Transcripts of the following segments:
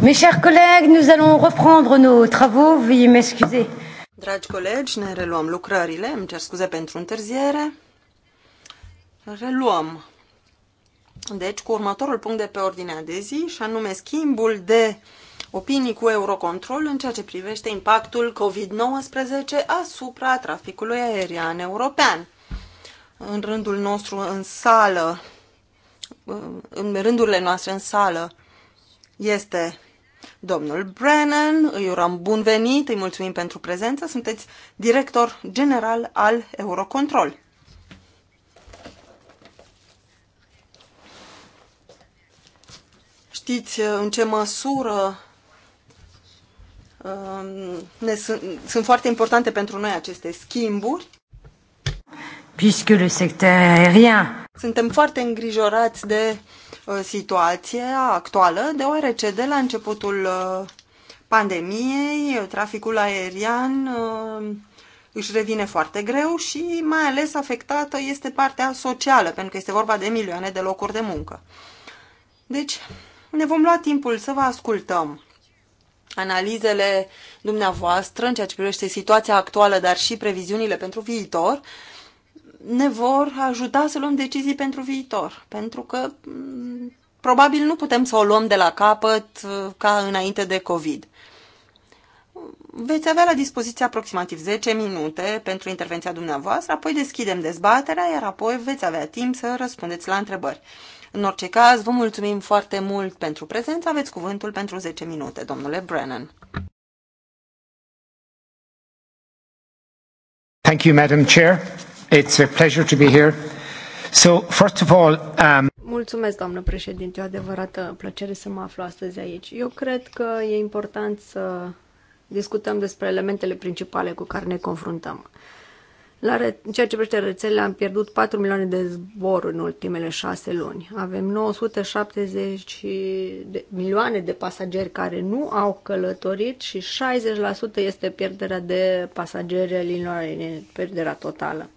Mes chers collègues, nous allons reprendre nos travaux. Veuillez m'excuser. Dragi colegi, ne reluăm lucrările. Îmi cer scuze pentru întârziere. Reluăm. Deci, cu următorul punct de pe ordinea de zi, și anume schimbul de opinii cu Eurocontrol în ceea ce privește impactul COVID-19 asupra traficului aerian european. În rândul nostru în sală, în rândurile noastre în sală, este domnul Brennan. Îi urăm bun venit, îi mulțumim pentru prezență. Sunteți director general al Eurocontrol. Știți uh, în ce măsură uh, ne sunt, sunt foarte importante pentru noi aceste schimburi. Puisque le secteur aérien. Suntem foarte îngrijorați de Uh, situația actuală, deoarece de la începutul uh, pandemiei, uh, traficul aerian își revine foarte greu și mai ales afectată este partea socială, pentru că este vorba de milioane de locuri de muncă. Deci, ne vom lua timpul să vă ascultăm analizele dumneavoastră în ceea ce privește situația actuală, dar și previziunile pentru viitor ne vor ajuta să luăm decizii pentru viitor, pentru că mm, probabil nu putem să o luăm de la capăt uh, ca înainte de COVID. Veți avea la dispoziție aproximativ 10 minute pentru intervenția dumneavoastră, apoi deschidem dezbaterea, iar apoi veți avea timp să răspundeți la întrebări. În orice caz, vă mulțumim foarte mult pentru prezență. Aveți cuvântul pentru 10 minute, domnule Brennan. Thank you, Madam Chair. It's a pleasure to be here. So, first of all, um... Mulțumesc, doamnă președinte, o adevărată plăcere să mă aflu astăzi aici. Eu cred că e important să discutăm despre elementele principale cu care ne confruntăm. La re- în ceea ce privește rețelele, am pierdut 4 milioane de zboruri în ultimele șase luni. Avem 970 de milioane de pasageri care nu au călătorit și 60% este pierderea de pasageri linilor aeriene, pierderea totală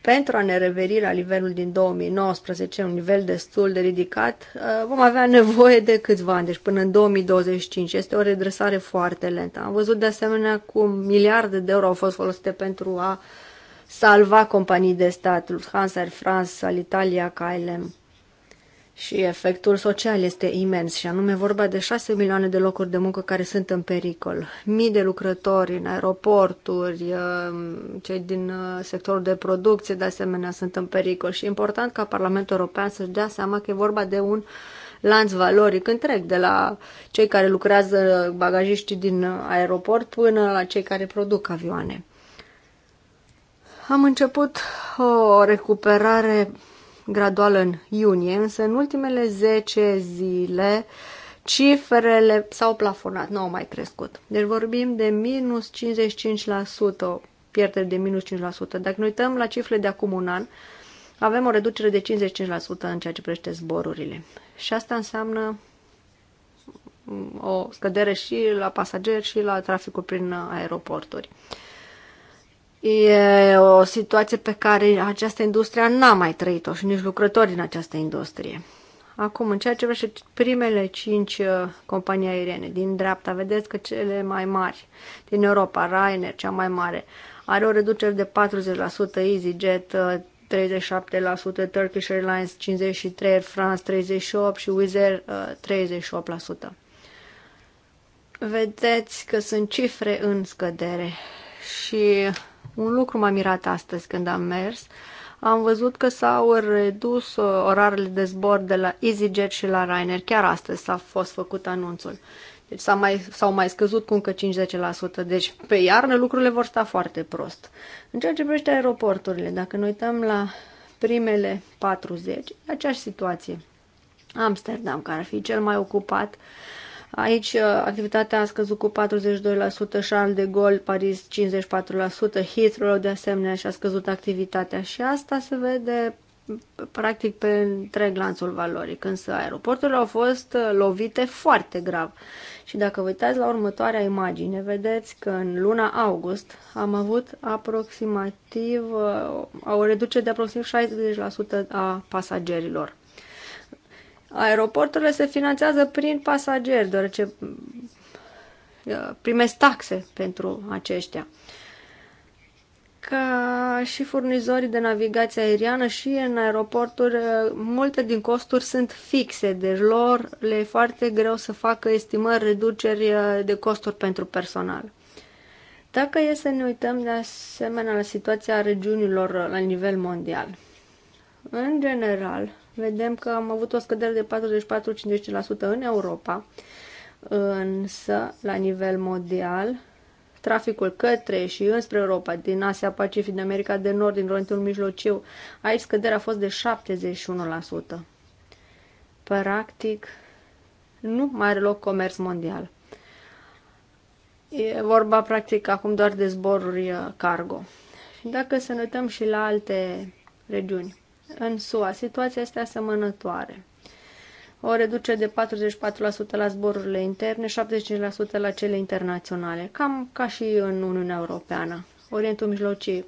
pentru a ne reveri la nivelul din 2019, un nivel destul de ridicat, uh, vom avea nevoie de câțiva ani, deci până în 2025. Este o redresare foarte lentă. Am văzut de asemenea cum miliarde de euro au fost folosite pentru a salva companii de stat, Lufthansa, Air France, Alitalia, KLM și efectul social este imens și anume vorba de 6 milioane de locuri de muncă care sunt în pericol. Mii de lucrători în aeroporturi, uh, cei din uh, sectorul de producție de asemenea sunt în pericol și e important ca Parlamentul European să-și dea seama că e vorba de un lanț valoric întreg, de la cei care lucrează bagajiștii din uh, aeroport până la cei care produc avioane. Am început o recuperare Gradual în iunie, însă în ultimele 10 zile cifrele s-au plafonat, nu au mai crescut. Deci vorbim de minus 55%, pierdere de minus 5%. Dacă ne uităm la cifrele de acum un an, avem o reducere de 55% în ceea ce privește zborurile. Și asta înseamnă o scădere și la pasageri și la traficul prin aeroporturi. E o situație pe care această industrie n-a mai trăit-o și nici lucrătorii în această industrie. Acum, în ceea ce vrește primele cinci uh, companii aeriene din dreapta, vedeți că cele mai mari din Europa, Ryanair, cea mai mare, are o reducere de 40%, EasyJet 37%, uh, Turkish Airlines 53%, Air France 38% și Wizz Air 38%. Uh, vedeți că sunt cifre în scădere și un lucru m-a mirat astăzi când am mers. Am văzut că s-au redus uh, orarele de zbor de la EasyJet și la Ryanair. Chiar astăzi s-a fost făcut anunțul. Deci s-au mai, s-au mai scăzut cu încă 50%. Deci pe iarnă lucrurile vor sta foarte prost. În ceea ce privește aeroporturile, dacă ne uităm la primele 40, e aceeași situație. Amsterdam, care ar fi cel mai ocupat, uh, Aici uh, activitatea a scăzut cu 42%, Charles de Gaulle, Paris 54%, Heathrow de asemenea și-a scăzut activitatea și asta se vede practic pe întreg lanțul valorii, când aeroporturile au fost uh, lovite foarte grav. Și dacă vă uitați la următoarea imagine, vedeți că în luna august am avut aproximativ uh, o reducere de aproximativ 60% a pasagerilor. Aeroporturile se finanțează prin pasageri, deoarece uh, primesc taxe pentru aceștia. Ca și furnizorii de navigație aeriană și în aeroporturi, uh, multe din costuri sunt fixe, deci lor le e foarte greu să facă estimări reduceri uh, de costuri pentru personal. Dacă e să ne uităm de asemenea la situația regiunilor la nivel mondial, în general, vedem că am avut o scădere de 44-50% în Europa, însă, la nivel mondial, traficul către și înspre Europa, din Asia Pacific, din America de Nord, din Orientul Mijlociu, aici scăderea a fost de 71%. Practic, nu mai are loc comerț mondial. E vorba, practic, acum doar de zboruri uh, cargo. Și dacă să ne uităm și la alte regiuni, în SUA, situația este asemănătoare. O reducere de 44% la zborurile interne, 75% la cele internaționale, cam ca și în Uniunea Europeană. Orientul Mijlociu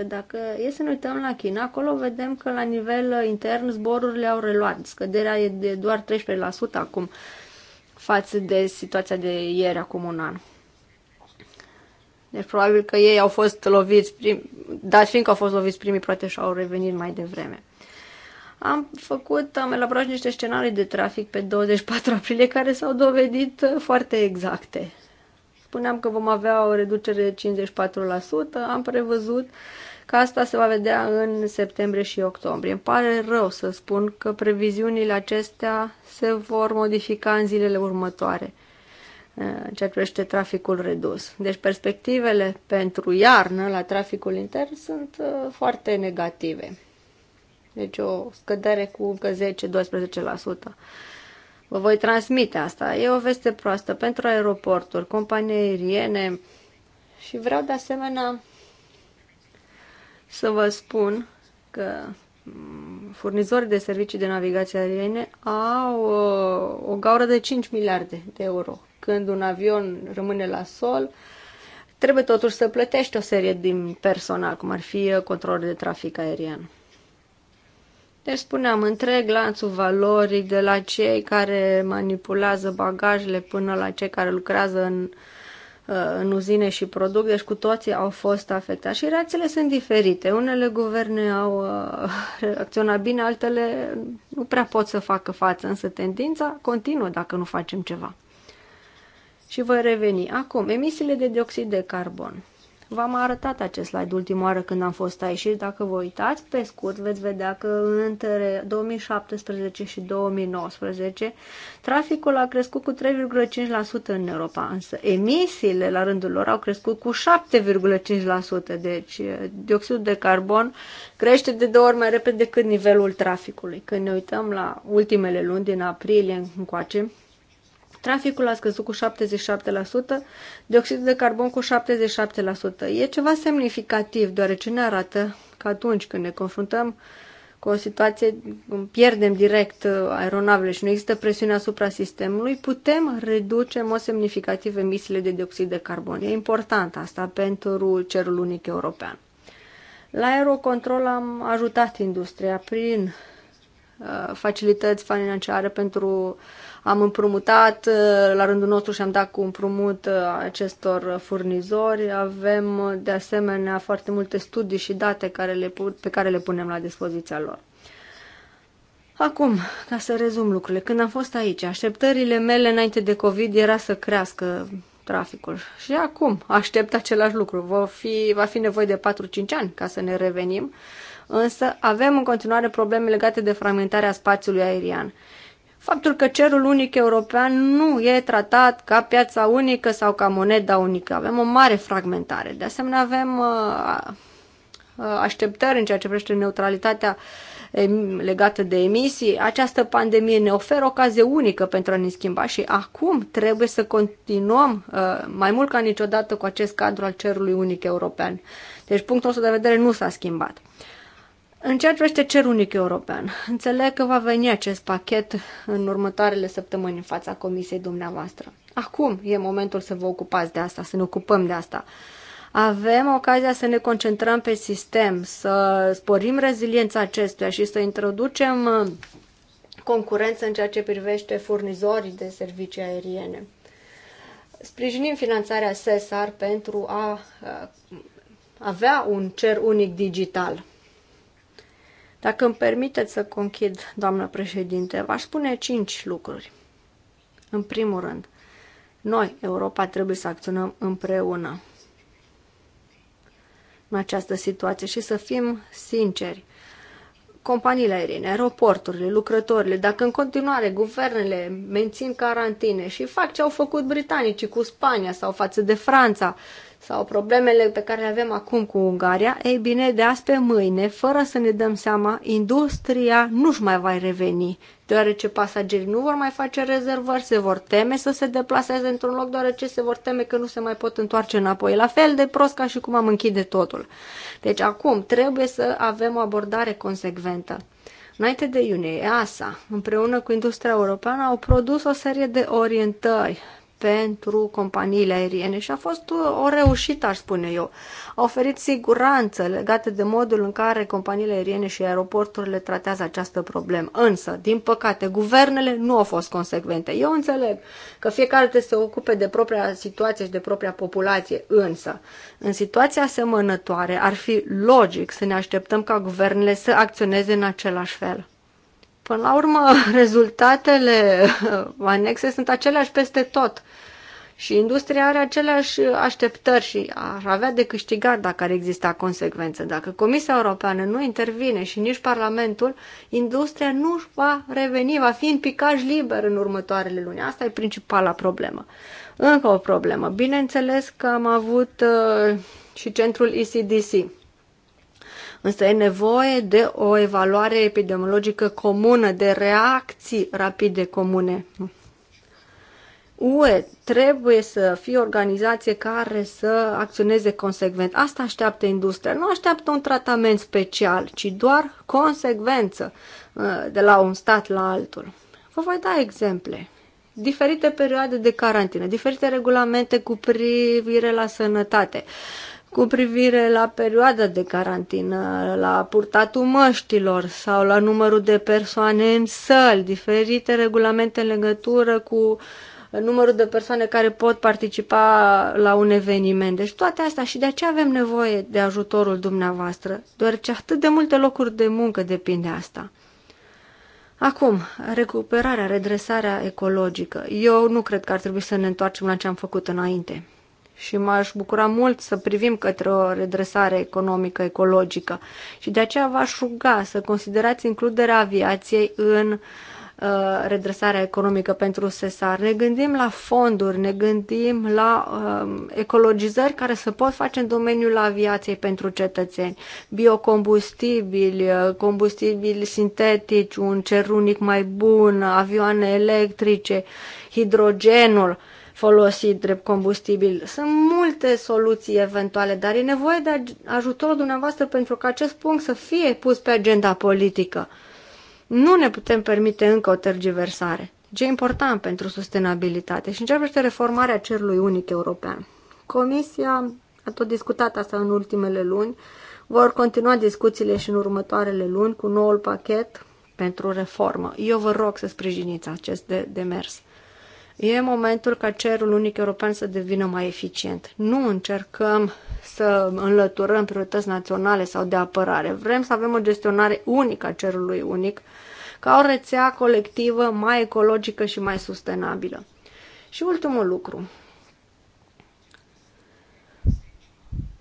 60%. Dacă e să ne uităm la China, acolo vedem că la nivel intern zborurile au reluat. Scăderea e de doar 13% acum față de situația de ieri, acum un an. Deci probabil că ei au fost loviți, prim... dar fiindcă au fost loviți primii, poate și-au revenit mai devreme. Am făcut, am elaborat niște scenarii de trafic pe 24 aprilie care s-au dovedit uh, foarte exacte. Spuneam că vom avea o reducere de 54%, am prevăzut că asta se va vedea în septembrie și octombrie. Îmi pare rău să spun că previziunile acestea se vor modifica în zilele următoare în ceea ce privește traficul redus. Deci perspectivele pentru iarnă la traficul intern sunt uh, foarte negative. Deci o scădere cu încă 10-12%. Vă voi transmite asta. E o veste proastă pentru aeroporturi, companii aeriene și vreau de asemenea să vă spun că mm, furnizorii de servicii de navigație aeriene au uh, o gaură de 5 miliarde de euro când un avion rămâne la sol, trebuie totuși să plătești o serie din personal, cum ar fi controlul de trafic aerian. Deci spuneam, întreg lanțul valorii de la cei care manipulează bagajele până la cei care lucrează în, uh, în uzine și produc, deci cu toții au fost afectați. Și reacțiile sunt diferite. Unele guverne au uh, reacționat bine, altele nu prea pot să facă față, însă tendința continuă dacă nu facem ceva și voi reveni. Acum, emisiile de dioxid de carbon. V-am arătat acest slide ultima oară când am fost aici și dacă vă uitați, pe scurt, veți vedea că între 2017 și 2019 traficul a crescut cu 3,5% în Europa, însă emisiile la rândul lor au crescut cu 7,5%, deci eh, dioxidul de carbon crește de două ori mai repede decât nivelul traficului. Când ne uităm la ultimele luni din aprilie încoace, Traficul a scăzut cu 77%, dioxidul de carbon cu 77%. E ceva semnificativ, deoarece ne arată că atunci când ne confruntăm cu o situație, pierdem direct uh, aeronavele și nu există presiune asupra sistemului, putem reduce în mod semnificativ emisiile de dioxid de carbon. E important asta pentru cerul unic european. La Aerocontrol am ajutat industria prin uh, facilități financiare pentru uh, am împrumutat uh, la rândul nostru și am dat cu împrumut uh, acestor furnizori. Avem uh, de asemenea foarte multe studii și date care le, pe care le punem la dispoziția lor. Acum, ca să rezum lucrurile, când am fost aici, așteptările mele înainte de COVID era să crească traficul. Și acum aștept același lucru. Va fi, va fi nevoie de 4-5 ani ca să ne revenim, însă avem în continuare probleme legate de fragmentarea spațiului aerian faptul că cerul unic european nu e tratat ca piața unică sau ca moneda unică. Avem o mare fragmentare. De asemenea, avem uh, uh, așteptări în ceea ce privește neutralitatea legată de emisii. Această pandemie ne oferă ocazie unică pentru a ne schimba și acum trebuie să continuăm uh, mai mult ca niciodată cu acest cadru al cerului unic european. Deci punctul ăsta de vedere nu s-a schimbat. În ceea ce privește cer unic european, înțeleg că va veni acest pachet în următoarele săptămâni în fața comisiei dumneavoastră. Acum e momentul să vă ocupați de asta, să ne ocupăm de asta. Avem ocazia să ne concentrăm pe sistem, să sporim reziliența acestuia și să introducem uh, concurență în ceea ce privește furnizorii de servicii aeriene. Sprijinim finanțarea SESAR pentru a uh, avea un cer unic digital dacă îmi permiteți să conchid, doamnă președinte, v-aș spune cinci lucruri. În primul rând, noi, Europa, trebuie să acționăm împreună în această situație și să fim sinceri. Companiile aeriene, aeroporturile, lucrătorile, dacă în continuare guvernele mențin carantine și fac ce au făcut britanicii cu Spania sau față de Franța, uh, sau problemele pe care le avem acum cu Ungaria, ei bine, de azi pe mâine, fără să ne dăm seama, industria nu-și mai va reveni, deoarece pasagerii nu vor mai face rezervări, se vor teme să se deplaseze într-un loc, deoarece se vor teme că nu se mai pot întoarce înapoi. La fel de prost ca și cum am închide totul. Deci acum trebuie să avem o abordare consecventă. Înainte de iunie, EASA, împreună cu industria europeană, au produs o serie de orientări pentru companiile aeriene și a fost uh, o reușită, aș spune eu. A oferit siguranță legată de modul în care companiile aeriene și aeroporturile tratează această problemă. Însă, din păcate, guvernele nu au fost consecvente. Eu înțeleg că fiecare trebuie să se ocupe de propria situație și de propria populație, însă, în situația asemănătoare, ar fi logic să ne așteptăm ca guvernele să acționeze în același fel. Până la urmă, rezultatele anexe sunt aceleași peste tot. Și industria are aceleași așteptări și ar avea de câștigat dacă ar exista consecvență. Dacă Comisia Europeană nu intervine și nici Parlamentul, industria nu va reveni, va fi în picaj liber în următoarele luni. Asta e principala problemă. Încă o problemă. Bineînțeles că am avut uh, și centrul ECDC. Însă e nevoie de o evaluare epidemiologică comună, de reacții rapide comune. UE trebuie să fie o organizație care să acționeze consecvent. Asta așteaptă industria. Nu așteaptă un tratament special, ci doar consecvență uh, de la un stat la altul. Vă voi da exemple. Diferite perioade de carantină, diferite regulamente cu privire la sănătate. Uh, cu privire la perioada de carantină, la purtatul măștilor sau la numărul de persoane în săli, diferite regulamente în legătură cu numărul de persoane care pot participa la un eveniment. Deci toate astea și de aceea avem nevoie de ajutorul dumneavoastră, deoarece atât de multe locuri de muncă depinde asta. Acum, recuperarea, redresarea ecologică. Eu nu cred că ar trebui să ne întoarcem la ce am făcut înainte și m-aș bucura mult să privim către o redresare economică, ecologică. Și de aceea v-aș ruga să considerați includerea aviației în uh, redresarea economică pentru SESAR. Ne gândim la fonduri, ne gândim la um, ecologizări care se pot face în domeniul aviației pentru cetățeni. Biocombustibili, uh, combustibili sintetici, un cer unic mai bun, avioane electrice, hidrogenul folosit drept combustibil. Sunt multe soluții eventuale, dar e nevoie de ajutorul dumneavoastră pentru ca acest punct să fie pus pe agenda politică. Nu ne putem permite încă o tergiversare. Ce deci e important pentru sustenabilitate și începește reformarea cerului unic european. Comisia a tot discutat asta în ultimele luni. Vor continua discuțiile și în următoarele luni cu noul pachet pentru reformă. Eu vă rog să sprijiniți acest de E momentul ca cerul unic european să devină mai eficient. Nu încercăm să înlăturăm priorități naționale sau de apărare. Vrem să avem o gestionare unică a cerului unic, ca o rețea colectivă mai ecologică și mai sustenabilă. Și ultimul lucru.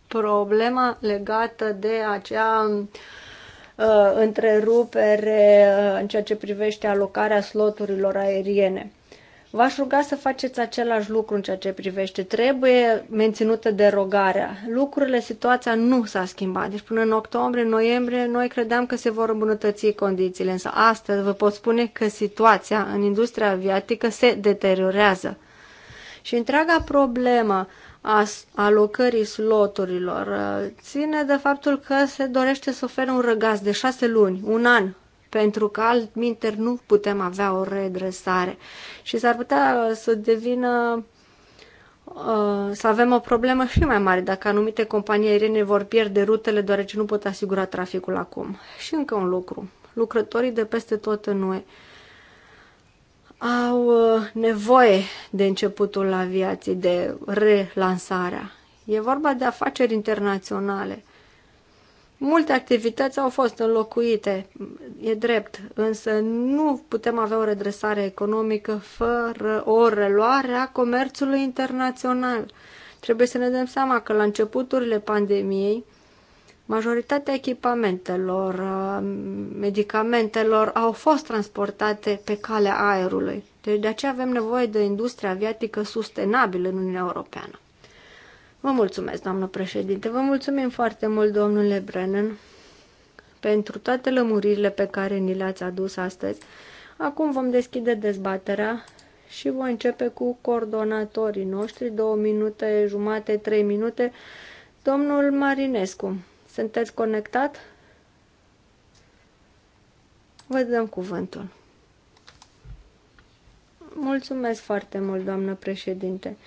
Problema legată de acea uh, întrerupere uh, în ceea ce privește alocarea sloturilor aeriene. V-aș ruga să faceți același lucru în ceea ce privește. Trebuie menținută derogarea. Lucrurile, situația nu s-a schimbat. Deci până în octombrie, noiembrie, noi credeam că se vor îmbunătăți condițiile. Însă astăzi vă pot spune că situația în industria aviatică se deteriorează. Și întreaga problemă a alocării sloturilor uh, ține de faptul că se dorește să ofere un răgaz de șase luni, un an pentru că minter nu putem avea o redresare și s-ar putea uh, să devină uh, să avem o problemă și mai mare dacă anumite companii aeriene vor pierde rutele deoarece nu pot asigura traficul acum. Și încă un lucru. Lucrătorii de peste tot în UE au uh, nevoie de începutul aviației, de relansarea. E vorba de afaceri internaționale. Multe activități au fost înlocuite, e drept, însă nu putem avea o redresare economică fără o reluare a comerțului internațional. Trebuie să ne dăm seama că la începuturile pandemiei, majoritatea echipamentelor, uh, medicamentelor au fost transportate pe calea aerului. Deci de aceea avem nevoie de industria industrie aviatică sustenabilă în Uniunea Europeană. Vă mulțumesc, doamnă președinte. Vă mulțumim foarte mult, domnule Brennan, pentru toate lămuririle pe care ni le-ați adus astăzi. Acum vom deschide dezbaterea și voi începe cu coordonatorii noștri, două minute, jumate, trei minute. Domnul Marinescu, sunteți conectat? Vă dăm cuvântul. Mulțumesc foarte mult, doamnă președinte.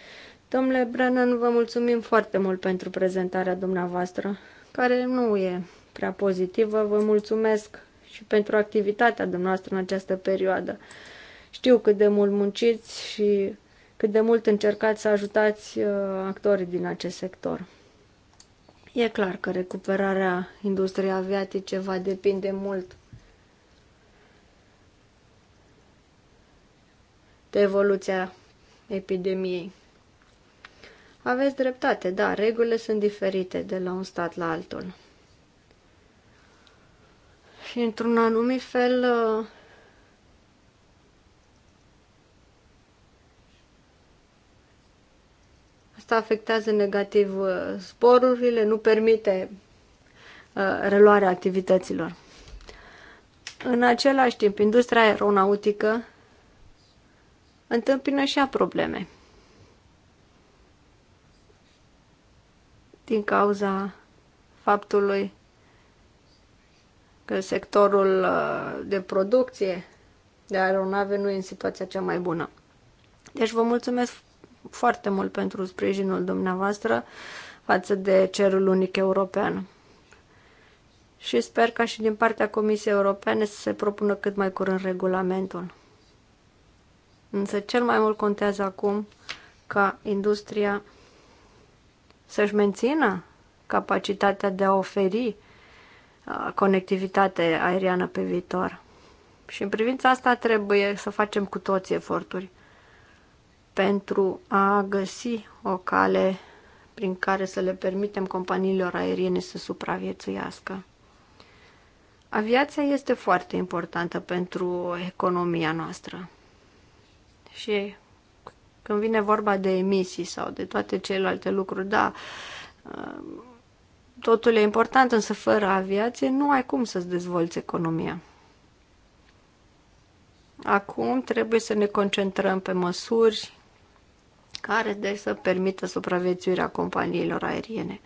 Domnule Brennan, vă mulțumim foarte mult pentru prezentarea dumneavoastră, care nu e prea pozitivă. Vă mulțumesc și pentru activitatea dumneavoastră în această perioadă. Știu cât de mult munciți și cât de mult încercați să ajutați uh, actorii din acest sector. E clar că recuperarea industriei aviatice va depinde mult de evoluția epidemiei. Aveți dreptate, da, regulile sunt diferite de la un stat la altul. Și într-un anumit fel ă, asta afectează negativ sporurile, ă, nu permite ă, reluarea activităților. În același timp, industria aeronautică întâmpină și ea probleme. din cauza faptului că sectorul uh, de producție de aeronave nu e în situația cea mai bună. Deci vă mulțumesc foarte mult pentru sprijinul dumneavoastră față de cerul unic european. Și sper ca și din partea Comisiei Europene să se propună cât mai curând regulamentul. Însă cel mai mult contează acum ca industria să-și mențină capacitatea de a oferi uh, conectivitate aeriană pe viitor. Și în privința asta trebuie să facem cu toți eforturi pentru a găsi o cale prin care să le permitem companiilor aeriene să supraviețuiască. Aviația este foarte importantă pentru economia noastră și când vine vorba de emisii sau de toate celelalte lucruri, da, uh, totul e important, însă fără aviație nu ai cum să-ți dezvolți economia. Acum trebuie să ne concentrăm pe măsuri care de să permită supraviețuirea companiilor aeriene.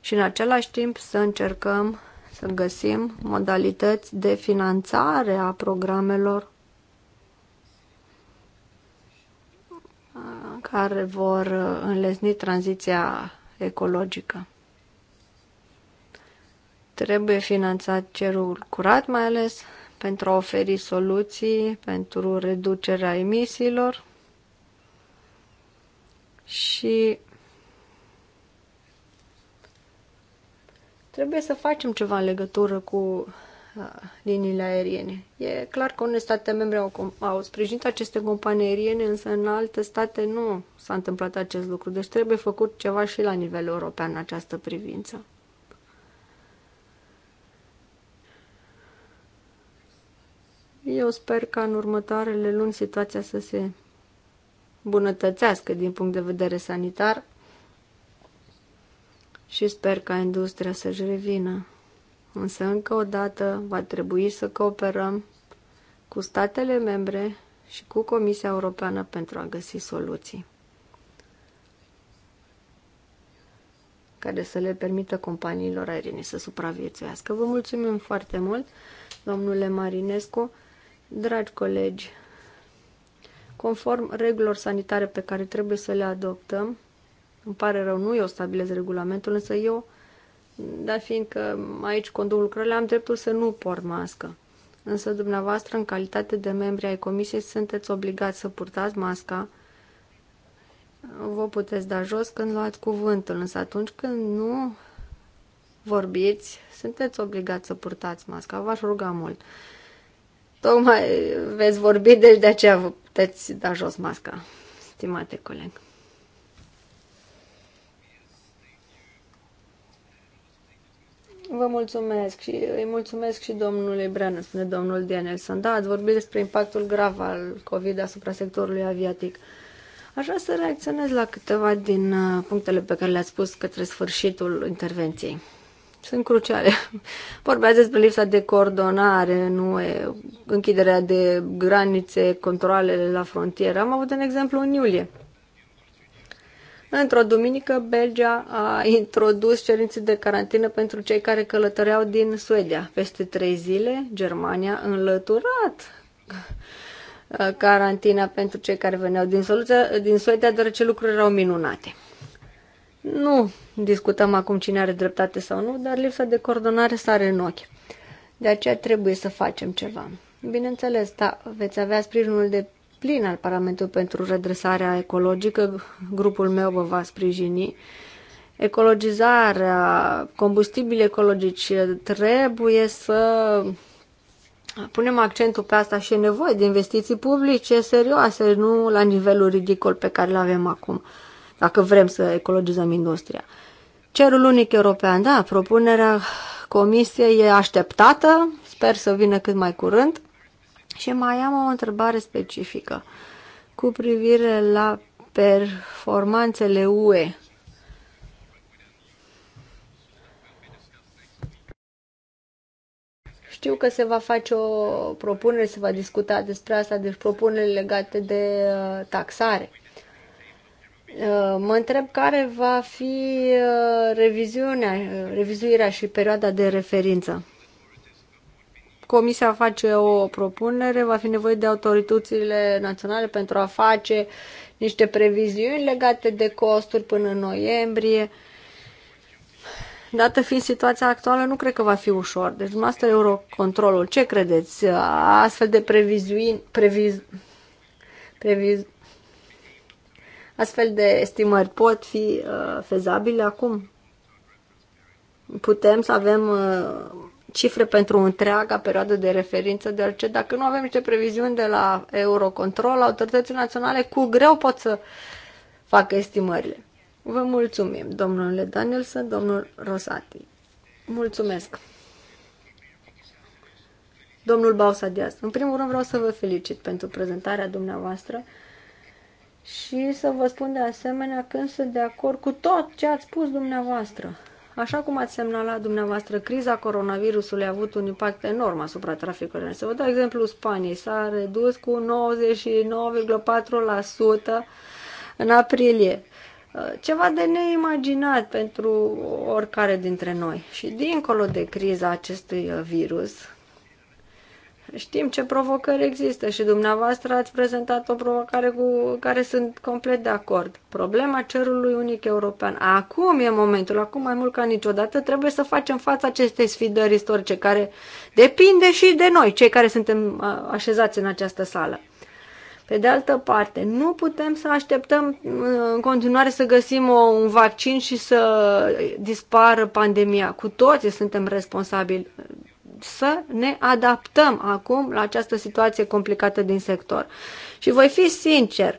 Și în același timp să încercăm să găsim modalități de finanțare a programelor care vor uh, înlesni tranziția ecologică. Trebuie finanțat cerul curat, mai ales pentru a oferi soluții pentru reducerea emisiilor și trebuie să facem ceva în legătură cu liniile aeriene. E clar că unele state membre au, au sprijinit aceste companii aeriene, însă în alte state nu s-a întâmplat acest lucru. Deci trebuie făcut ceva și la nivel european în această privință. Eu sper că în următoarele luni situația să se bunătățească din punct de vedere sanitar și sper ca industria să-și revină Însă, încă o dată, va trebui să cooperăm cu statele membre și cu Comisia Europeană pentru a găsi soluții care să le permită companiilor aeriene să supraviețuiască. Vă mulțumim foarte mult, domnule Marinescu, dragi colegi, conform regulilor sanitare pe care trebuie să le adoptăm, îmi pare rău, nu eu stabilez regulamentul, însă eu dar fiindcă aici conduc lucrurile, am dreptul să nu port mască. Însă dumneavoastră, în calitate de membri ai comisiei, sunteți obligați să purtați masca. Vă puteți da jos când luați cuvântul, însă atunci când nu vorbiți, sunteți obligați să purtați masca. V-aș ruga mult. Tocmai veți vorbi, deci de aceea vă puteți da jos masca, stimate coleg. Vă mulțumesc și îi mulțumesc și domnului Breană, spune domnul Danielson. Da, ați vorbit despre impactul grav al COVID asupra sectorului aviatic. Aș vrea să reacționez la câteva din uh, punctele pe care le-ați spus către sfârșitul intervenției. Sunt cruciale. Vorbeați despre lipsa de coordonare, nu e închiderea de granițe, controlele la frontieră. Am avut un exemplu în iulie Într-o duminică, Belgia a introdus cerințe de carantină pentru cei care călătoreau din Suedia. Peste trei zile, Germania a înlăturat uh, carantina pentru cei care veneau din, soluția, din Suedia, deoarece lucruri erau minunate. Nu discutăm acum cine are dreptate sau nu, dar lipsa de coordonare sare în ochi. De aceea trebuie să facem ceva. Bineînțeles, da, veți avea sprijinul de plin al Parlamentului pentru redresarea ecologică. Grupul meu vă va sprijini. Ecologizarea, combustibili ecologici, trebuie să punem accentul pe asta și e nevoie de investiții publice serioase, nu la nivelul ridicol pe care îl avem acum, dacă vrem să ecologizăm industria. Cerul unic european, da, propunerea comisiei e așteptată, sper să vină cât mai curând. Și mai am o întrebare specifică cu privire la performanțele UE. Știu că se va face o propunere, se va discuta despre asta, deci propuneri legate de uh, taxare. Uh, mă întreb care va fi uh, reviziunea, revizuirea și perioada de referință. Comisia face o propunere, va fi nevoie de autoritățile naționale pentru a face niște previziuni legate de costuri până în noiembrie. Dată fiind situația actuală, nu cred că va fi ușor. Deci, dumneavoastră, Eurocontrolul, ce credeți? Astfel de previziuni, previz, previz, astfel de estimări pot fi uh, fezabile acum? Putem să avem uh, cifre pentru întreaga perioadă de referință, deoarece dacă nu avem niște previziuni de la Eurocontrol, autoritățile naționale cu greu pot să facă estimările. Vă mulțumim, domnule Danielson, domnul Rosati. Mulțumesc. Domnul Bausadias, în primul rând vreau să vă felicit pentru prezentarea dumneavoastră și să vă spun de asemenea când sunt de acord cu tot ce ați spus dumneavoastră. Așa cum ați semnalat dumneavoastră, criza coronavirusului a avut un impact enorm asupra traficului. Să vă dau exemplu Spaniei. S-a redus cu 99,4% în aprilie. Uh, ceva de neimaginat pentru oricare dintre noi. Și dincolo de criza acestui uh, virus, Știm ce provocări există și dumneavoastră ați prezentat o provocare cu care sunt complet de acord. Problema cerului unic european. Acum e momentul, acum mai mult ca niciodată, trebuie să facem față acestei sfidări istorice care depinde și de noi, cei care suntem așezați în această sală. Pe de altă parte, nu putem să așteptăm în continuare să găsim o, un vaccin și să dispară pandemia. Cu toții suntem responsabili să ne adaptăm acum la această situație complicată din sector. Și voi fi sincer,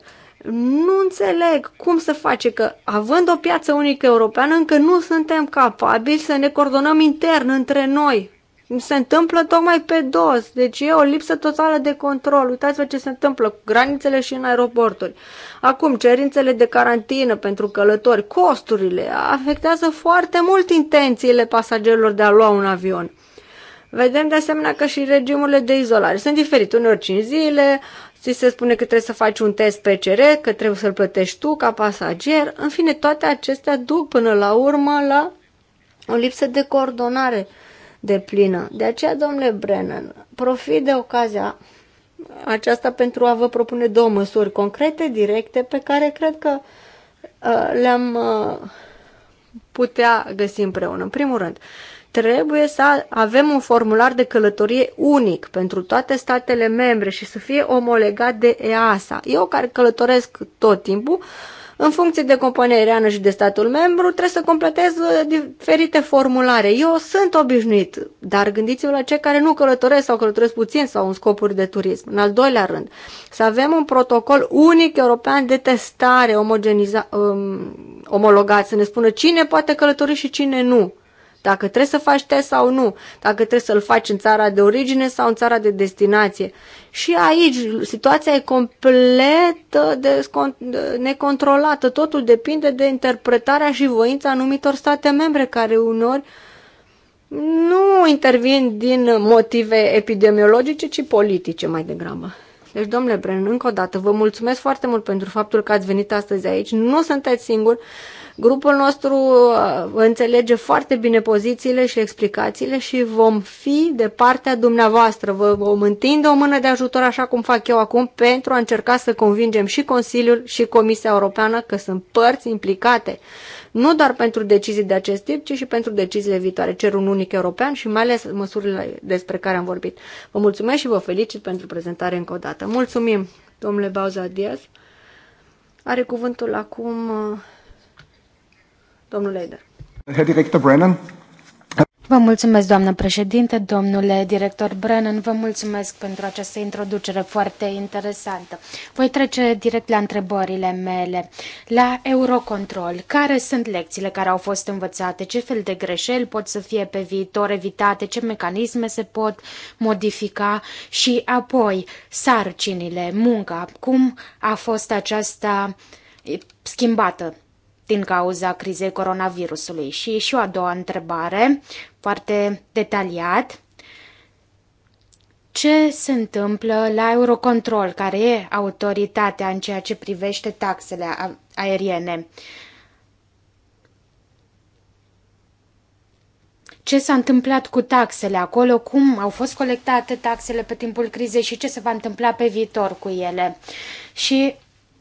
nu înțeleg cum se face că, având o piață unică europeană, încă nu suntem capabili să ne coordonăm intern între noi. Se întâmplă tocmai pe dos, deci e o lipsă totală de control. Uitați-vă ce se întâmplă cu granițele și în aeroporturi. Acum, cerințele de carantină pentru călători, costurile, afectează foarte mult intențiile pasagerilor de a lua un avion. Vedem de asemenea că și regimurile de izolare sunt diferite. Uneori 5 zile, ți se spune că trebuie să faci un test PCR, că trebuie să-l plătești tu ca pasager. În fine, toate acestea duc până la urmă la o lipsă de coordonare de plină. De aceea, domnule Brennan, profit de ocazia aceasta pentru a vă propune două măsuri concrete, directe, pe care cred că uh, le-am uh, putea găsi împreună. În primul rând, uh, trebuie să avem un formular de călătorie unic pentru toate statele membre și să fie omolegat de EASA. Eu care călătoresc tot timpul, în funcție de compania aeriană și de statul membru, trebuie să completez uh, diferite formulare. Eu sunt obișnuit, dar gândiți-vă la cei care nu călătoresc sau călătoresc puțin sau în scopuri de turism. În al doilea rând, să avem un protocol unic european de testare omogeniza- um, omologat, să ne spună cine poate călători și cine nu. Dacă trebuie să faci test sau nu, dacă trebuie să-l faci în țara de origine sau în țara de destinație. Și aici situația e complet uh, uh, necontrolată. Totul depinde de interpretarea și voința anumitor state membre care uneori nu intervin din motive epidemiologice, ci politice mai degrabă. Deci, domnule Bren, încă o dată, vă mulțumesc foarte mult pentru faptul că ați venit astăzi aici. Nu sunteți singuri. Grupul nostru uh, înțelege foarte bine pozițiile și explicațiile și vom fi de partea dumneavoastră. Vă vom întinde o mână de ajutor, așa cum fac eu acum, pentru a încerca să convingem și Consiliul și Comisia Europeană că sunt părți implicate, nu doar pentru decizii de acest tip, ci și pentru deciziile viitoare. Cer un unic european și mai ales măsurile despre care am vorbit. Vă mulțumesc și vă felicit pentru prezentare încă o dată. Mulțumim, domnule Bauza Diaz. Are cuvântul acum uh, Domnul Eder. Director Brennan. Vă mulțumesc, doamnă președinte, domnule director Brennan, vă mulțumesc pentru această introducere foarte interesantă. Voi trece direct la întrebările mele. La Eurocontrol, care sunt lecțiile care au fost învățate? Ce fel de greșeli pot să fie pe viitor evitate? Ce mecanisme se pot modifica? Și apoi, sarcinile, munca, cum a fost aceasta schimbată din cauza crizei coronavirusului. Și și o a doua întrebare, foarte detaliat. Ce se întâmplă la Eurocontrol, care e autoritatea în ceea ce privește taxele aeriene? ce s-a întâmplat cu taxele acolo, cum au fost colectate taxele pe timpul crizei și ce se va întâmpla pe viitor cu ele. Și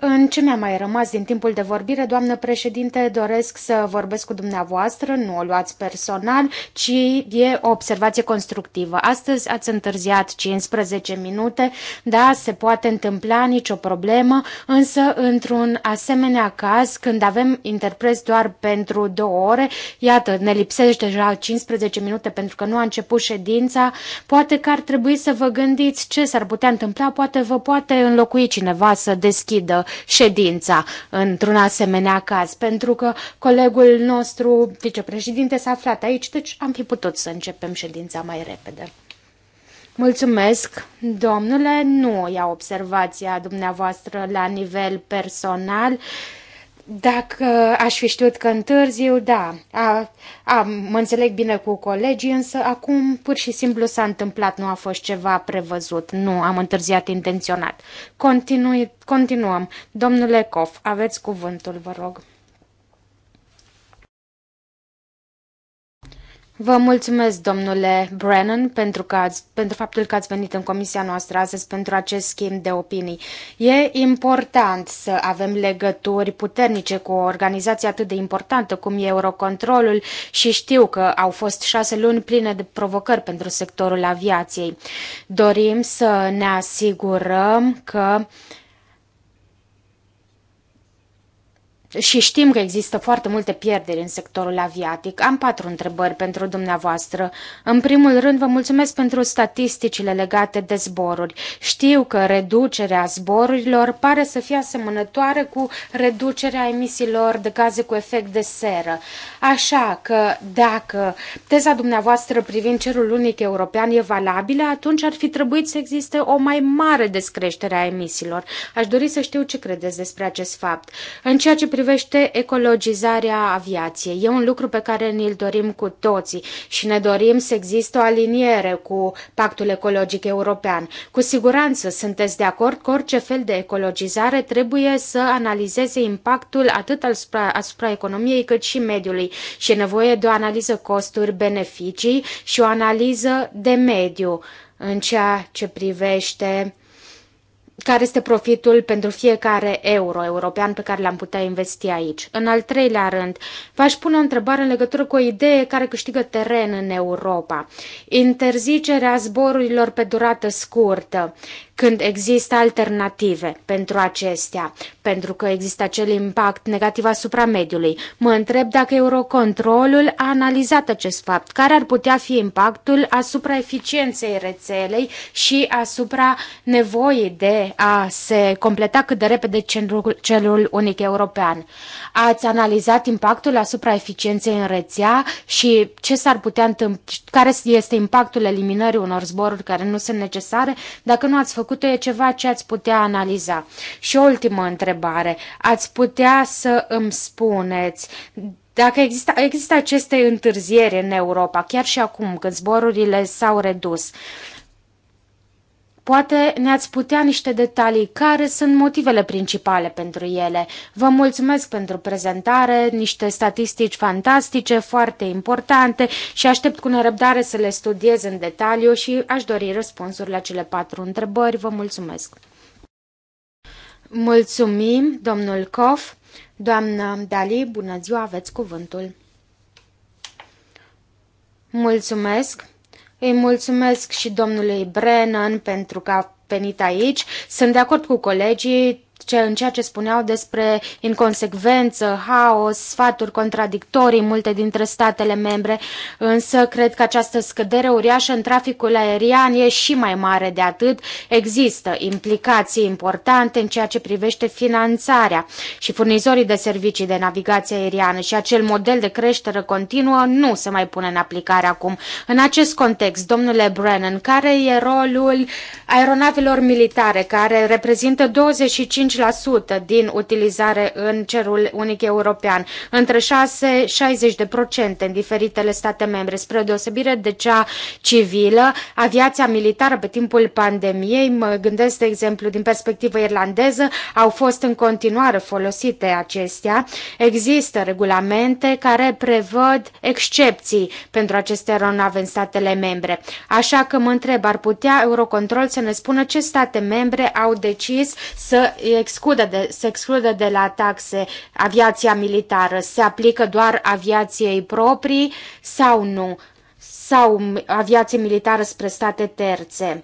în ce mi-a mai rămas din timpul de vorbire, doamnă președinte, doresc să vorbesc cu dumneavoastră, nu o luați personal, ci e o observație constructivă. Astăzi ați întârziat 15 minute, da, se poate întâmpla nicio problemă, însă într-un asemenea caz, când avem interpreți doar pentru două ore, iată, ne lipsește deja 15 minute pentru că nu a început ședința, poate că ar trebui să vă gândiți ce s-ar putea întâmpla, poate vă poate înlocui cineva să deschidă ședința într-un asemenea caz, pentru că colegul nostru, vicepreședinte, s-a aflat aici, deci am fi putut să începem ședința mai repede. Mulțumesc, domnule, nu iau observația dumneavoastră la nivel personal. Uh, dacă aș fi știut că întârziu, da, a, a, mă înțeleg bine cu colegii, însă acum pur și simplu s-a întâmplat, nu a fost ceva prevăzut, nu am întârziat intenționat. Continui, continuăm. Domnule Cof, aveți cuvântul, vă rog. Vă mulțumesc, domnule Brennan, pentru, că ați, pentru faptul că ați venit în comisia noastră astăzi pentru acest schimb de opinii. E important să avem legături puternice cu o organizație atât de importantă cum e Eurocontrolul și știu că au fost șase luni pline de provocări pentru sectorul aviației. Dorim să ne asigurăm că uh, și știm că există foarte multe pierderi în sectorul aviatic. Am patru întrebări pentru dumneavoastră. În primul rând, vă mulțumesc pentru statisticile legate de zboruri. Știu că reducerea zborurilor pare să fie asemănătoare cu reducerea emisiilor de gaze cu efect de seră. Așa că dacă teza dumneavoastră privind cerul unic european e valabilă, atunci ar fi trebuit să existe o mai mare descreștere a emisiilor. Aș dori să știu ce credeți despre acest fapt. În ceea ce privește privește ecologizarea aviației, e un lucru pe care ne-l dorim cu toții și ne dorim să existe o aliniere cu Pactul Ecologic European. Cu siguranță sunteți de acord că orice fel de ecologizare trebuie să analizeze impactul atât asupra, asupra economiei cât și mediului și e nevoie de o analiză costuri-beneficii și o analiză de mediu în ceea ce privește care este profitul pentru fiecare euro european pe care l-am putea investi aici. În al treilea rând, v-aș pune o întrebare în legătură cu o idee care câștigă teren în Europa. Interzicerea zborurilor pe durată scurtă când există alternative pentru acestea, pentru că există acel impact negativ asupra mediului. Mă întreb dacă Eurocontrolul a analizat acest fapt, care ar putea fi impactul asupra eficienței rețelei și asupra nevoii de a se completa cât de repede celul, unic european. Ați analizat impactul asupra eficienței în rețea și ce s-ar putea întâmpla, care este impactul eliminării unor zboruri care nu sunt necesare dacă nu ați făcut făcut-o e ceva ce ați putea analiza. Și ultimă întrebare, ați putea să îmi spuneți dacă există, există aceste întârzieri în Europa, chiar și acum, când zborurile s-au redus, uh, Poate ne-ați putea niște detalii. Care sunt motivele principale pentru ele? Vă mulțumesc pentru prezentare, niște statistici fantastice, foarte importante și aștept cu nerăbdare să le studiez în detaliu și aș dori răspunsuri la cele patru întrebări. Vă mulțumesc! Mulțumim, domnul Kof. Doamnă Dali, bună ziua, aveți cuvântul. Mulțumesc. Îi mulțumesc și domnului Brennan pentru că a venit aici. Sunt de acord cu colegii, ce, în ceea ce spuneau despre inconsecvență, haos, sfaturi contradictorii multe dintre statele membre, însă cred că această scădere uriașă în traficul aerian e și mai mare de atât. Există implicații importante în ceea ce privește finanțarea și furnizorii de servicii de navigație aeriană și acel model de creștere continuă nu se mai pune în aplicare acum. În acest context, domnule Brennan, care e rolul aeronavelor militare care reprezintă 25 65% din utilizare în cerul unic european, între 6 60% în diferitele state membre, spre o deosebire de cea civilă, aviația militară pe timpul pandemiei, mă gândesc de exemplu din perspectivă irlandeză, au fost în continuare folosite acestea. Există regulamente care prevăd excepții pentru aceste aeronave în statele membre. Așa că mă întreb, ar putea Eurocontrol să ne spună ce state membre au decis să exclude de, se exclude de la taxe aviația militară? Se aplică doar aviației proprii sau nu? Sau aviație militară spre state terțe?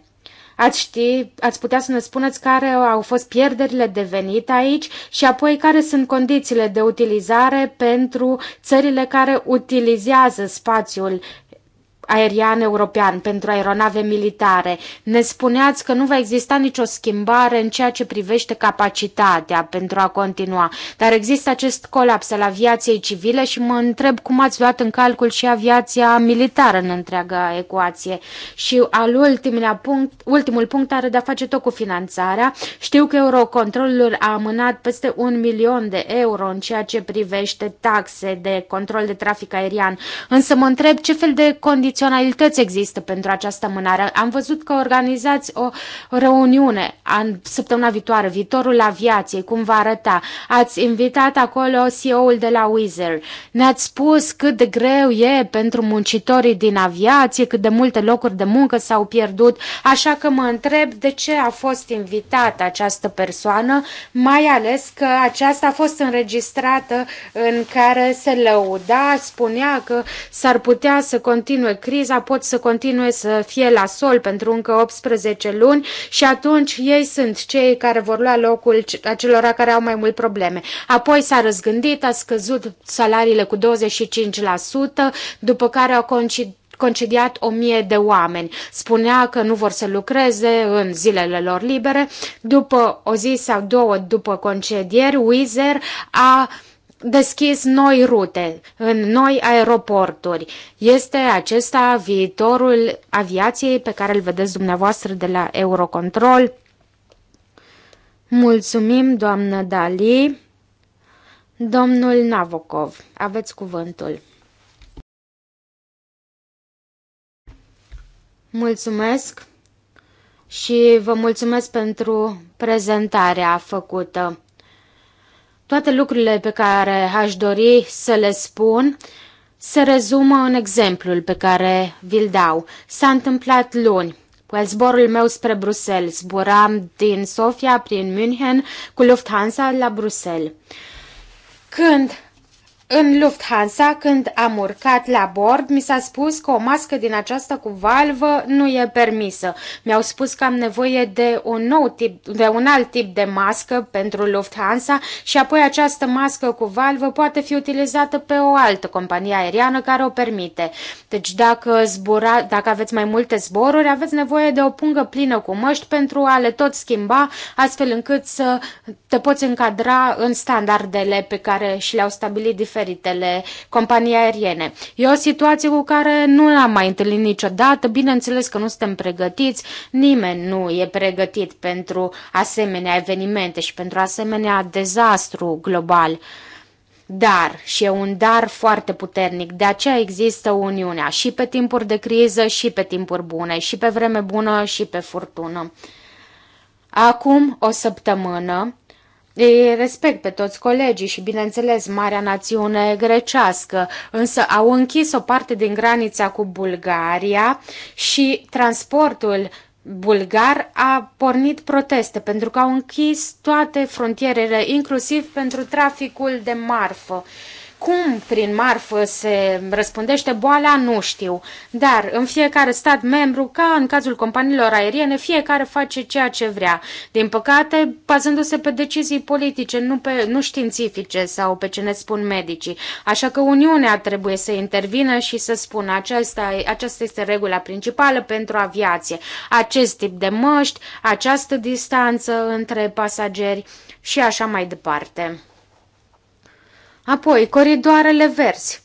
Ați, ști, ați putea să ne spuneți care au fost pierderile de venit aici și apoi care sunt condițiile de utilizare pentru țările care utilizează spațiul aerian european pentru aeronave militare. Ne spuneați că nu va exista nicio schimbare în ceea ce privește capacitatea pentru a continua, dar există acest colaps al aviației civile și mă întreb cum ați luat în calcul și aviația militară în întreaga ecuație. Și al ultimilea punct, ultimul punct are de-a face tot cu finanțarea. Știu că Eurocontrolul a amânat peste un milion de euro în ceea ce privește taxe de control de trafic aerian, însă mă întreb ce fel de condiții condiționalități există pentru această mânare. Am văzut că organizați o reuniune în săptămâna viitoare, viitorul aviației, cum va arăta. Ați invitat acolo CEO-ul de la Wizard. Ne-ați spus cât de greu e pentru muncitorii din aviație, cât de multe locuri de muncă s-au pierdut, așa că mă întreb de ce a fost invitată această persoană, mai ales că aceasta a fost înregistrată în care se lăuda, spunea că s-ar putea să continue criza pot să continue să fie la sol pentru încă 18 luni și atunci ei sunt cei care vor lua locul acelora care au mai mult probleme. Apoi s-a răzgândit, a scăzut salariile cu 25%, după care au concediat concediat o mie de oameni. Spunea că nu vor să lucreze în zilele lor libere. După o zi sau două după concedieri, Wizer a uh, deschis noi rute, în noi aeroporturi. Este acesta viitorul aviației pe care îl vedeți dumneavoastră de la Eurocontrol? Mulțumim, doamnă Dali. Domnul Navokov, aveți cuvântul. Mulțumesc și vă mulțumesc pentru prezentarea făcută. Toate lucrurile pe care aș dori să le spun se rezumă în exemplul pe care vi-l dau. S-a întâmplat luni. Cu zborul meu spre Bruxelles, zburam din Sofia prin München cu Lufthansa la Bruxelles. Când în Lufthansa, când am urcat la bord, mi s-a spus că o mască din aceasta cu valvă nu e permisă. Mi-au spus că am nevoie de un, nou tip, de un alt tip de mască pentru Lufthansa și apoi această mască cu valvă poate fi utilizată pe o altă companie aeriană care o permite. Deci dacă, zbura, dacă aveți mai multe zboruri, aveți nevoie de o pungă plină cu măști pentru a le tot schimba, astfel încât să te poți încadra în standardele pe care și le-au stabilit diferite diferitele companii aeriene. E o situație cu care nu l-am mai întâlnit niciodată, bineînțeles că nu suntem pregătiți, nimeni nu e pregătit pentru asemenea evenimente și pentru asemenea dezastru global dar și e un dar foarte puternic. De aceea există Uniunea și pe timpuri de criză și pe timpuri bune, și pe vreme bună și pe furtună. Acum o săptămână îi respect pe toți colegii și, bineînțeles, marea națiune grecească, însă au închis o parte din granița cu Bulgaria și transportul bulgar a pornit proteste pentru că au închis toate frontierele, inclusiv pentru traficul de marfă. Uh, cum prin marfă se răspândește boala, nu știu. Dar în fiecare stat membru, ca în cazul companiilor aeriene, fiecare face ceea ce vrea. Din păcate, bazându-se pe decizii politice, nu, pe, nu științifice sau pe ce ne spun medicii. Așa că Uniunea trebuie să intervină și să spună aceasta, aceasta este regula principală pentru aviație. Acest tip de măști, această distanță între pasageri și așa mai departe. Apoi, coridoarele verzi.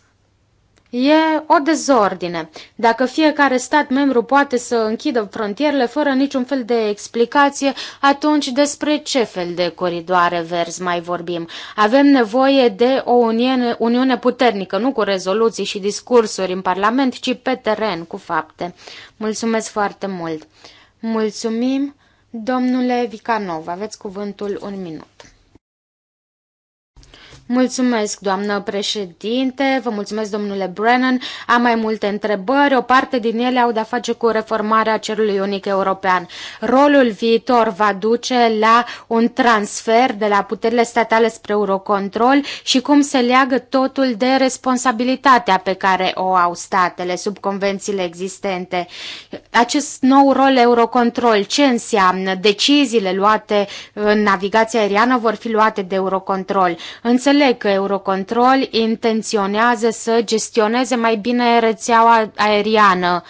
E o dezordine. Dacă fiecare stat membru poate să închidă frontierele fără niciun fel de explicație, atunci despre ce fel de coridoare verzi mai vorbim? Avem nevoie de o uniune, uniune puternică, nu cu rezoluții și discursuri în Parlament, ci pe teren, cu fapte. Mulțumesc foarte mult! Mulțumim, domnule Vicanov. Aveți cuvântul un minut. Mulțumesc, doamnă președinte, vă mulțumesc, domnule Brennan. Am mai multe întrebări, o parte din ele au de-a face cu reformarea cerului unic european. Rolul viitor va duce la un transfer de la puterile statale spre Eurocontrol și cum se leagă totul de responsabilitatea pe care o au statele sub convențiile existente. Acest nou rol Eurocontrol, ce înseamnă? Deciziile luate în navigația aeriană vor fi luate de Eurocontrol. Înțeleg Înțeleg că Eurocontrol intenționează să gestioneze mai bine rețeaua aeriană.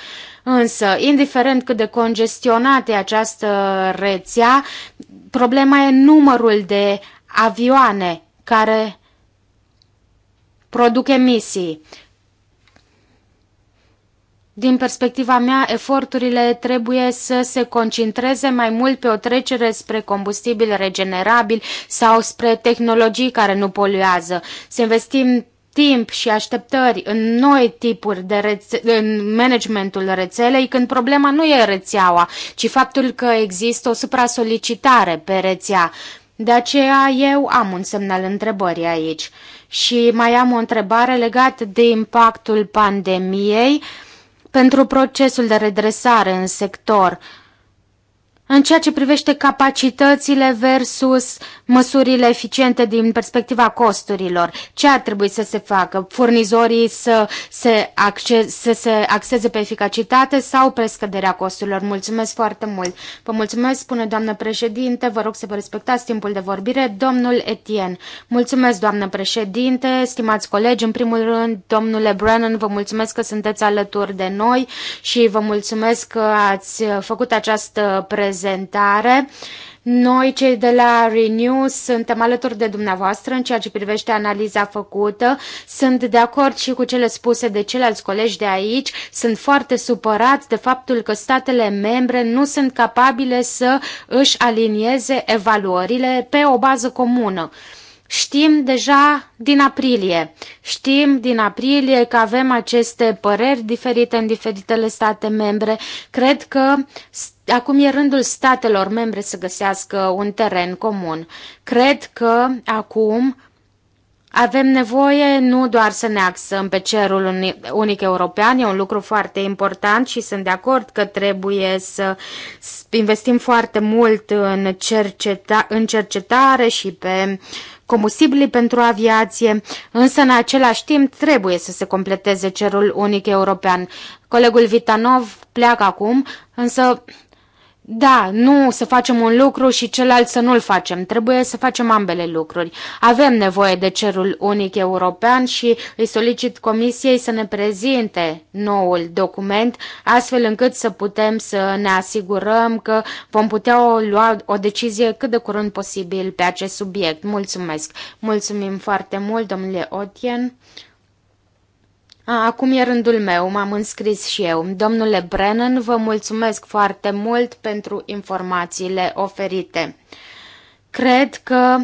Însă, indiferent cât de congestionată e această rețea, problema e numărul de avioane care produc emisii. Din perspectiva mea, eforturile trebuie să se concentreze mai mult pe o trecere spre combustibil regenerabil sau spre tehnologii care nu poluează. Să investim timp și așteptări în noi tipuri de rețe- în managementul rețelei, când problema nu e rețeaua, ci faptul că există o supra solicitare pe rețea. De aceea eu am un semnal întrebării aici. Și mai am o întrebare legată de impactul pandemiei. Uh, pentru procesul de redresare în sector, în ceea ce privește capacitățile versus măsurile eficiente din perspectiva costurilor, ce ar trebui să se facă? Furnizorii să se, acce- să se axeze pe eficacitate sau pe scăderea costurilor? Mulțumesc foarte mult! Vă mulțumesc, spune doamnă președinte, vă rog să vă respectați timpul de vorbire, domnul Etienne. Mulțumesc, doamnă președinte, stimați colegi, în primul rând, domnule Brennan, vă mulțumesc că sunteți alături de noi și vă mulțumesc că ați făcut această prezentare prezentare. Noi, cei de la Renew, suntem alături de dumneavoastră în ceea ce privește analiza făcută. Sunt de acord și cu cele spuse de ceilalți colegi de aici. Sunt foarte supărați de faptul că statele membre nu sunt capabile să își alinieze evaluările pe o bază comună. Știm deja din aprilie. Știm din aprilie că avem aceste păreri diferite în diferitele state membre. Cred că acum e rândul statelor membre să găsească un teren comun. Cred că acum avem nevoie nu doar să ne axăm pe cerul unic european, e un lucru foarte important și sunt de acord că trebuie să investim foarte mult în, cerceta- în cercetare și pe uh, combustibili pentru aviație, însă în același timp trebuie să se completeze cerul unic european. Colegul Vitanov pleacă acum, însă da, nu să facem un lucru și celălalt să nu-l facem. Trebuie să facem ambele lucruri. Avem nevoie de cerul unic european și îi solicit Comisiei să ne prezinte noul document, astfel încât să putem să ne asigurăm că vom putea o lua o decizie cât de curând posibil pe acest subiect. Mulțumesc! Mulțumim foarte mult, domnule Otien. Acum e rândul meu, m-am înscris și eu. Domnule Brennan, vă mulțumesc foarte mult pentru informațiile oferite. Cred că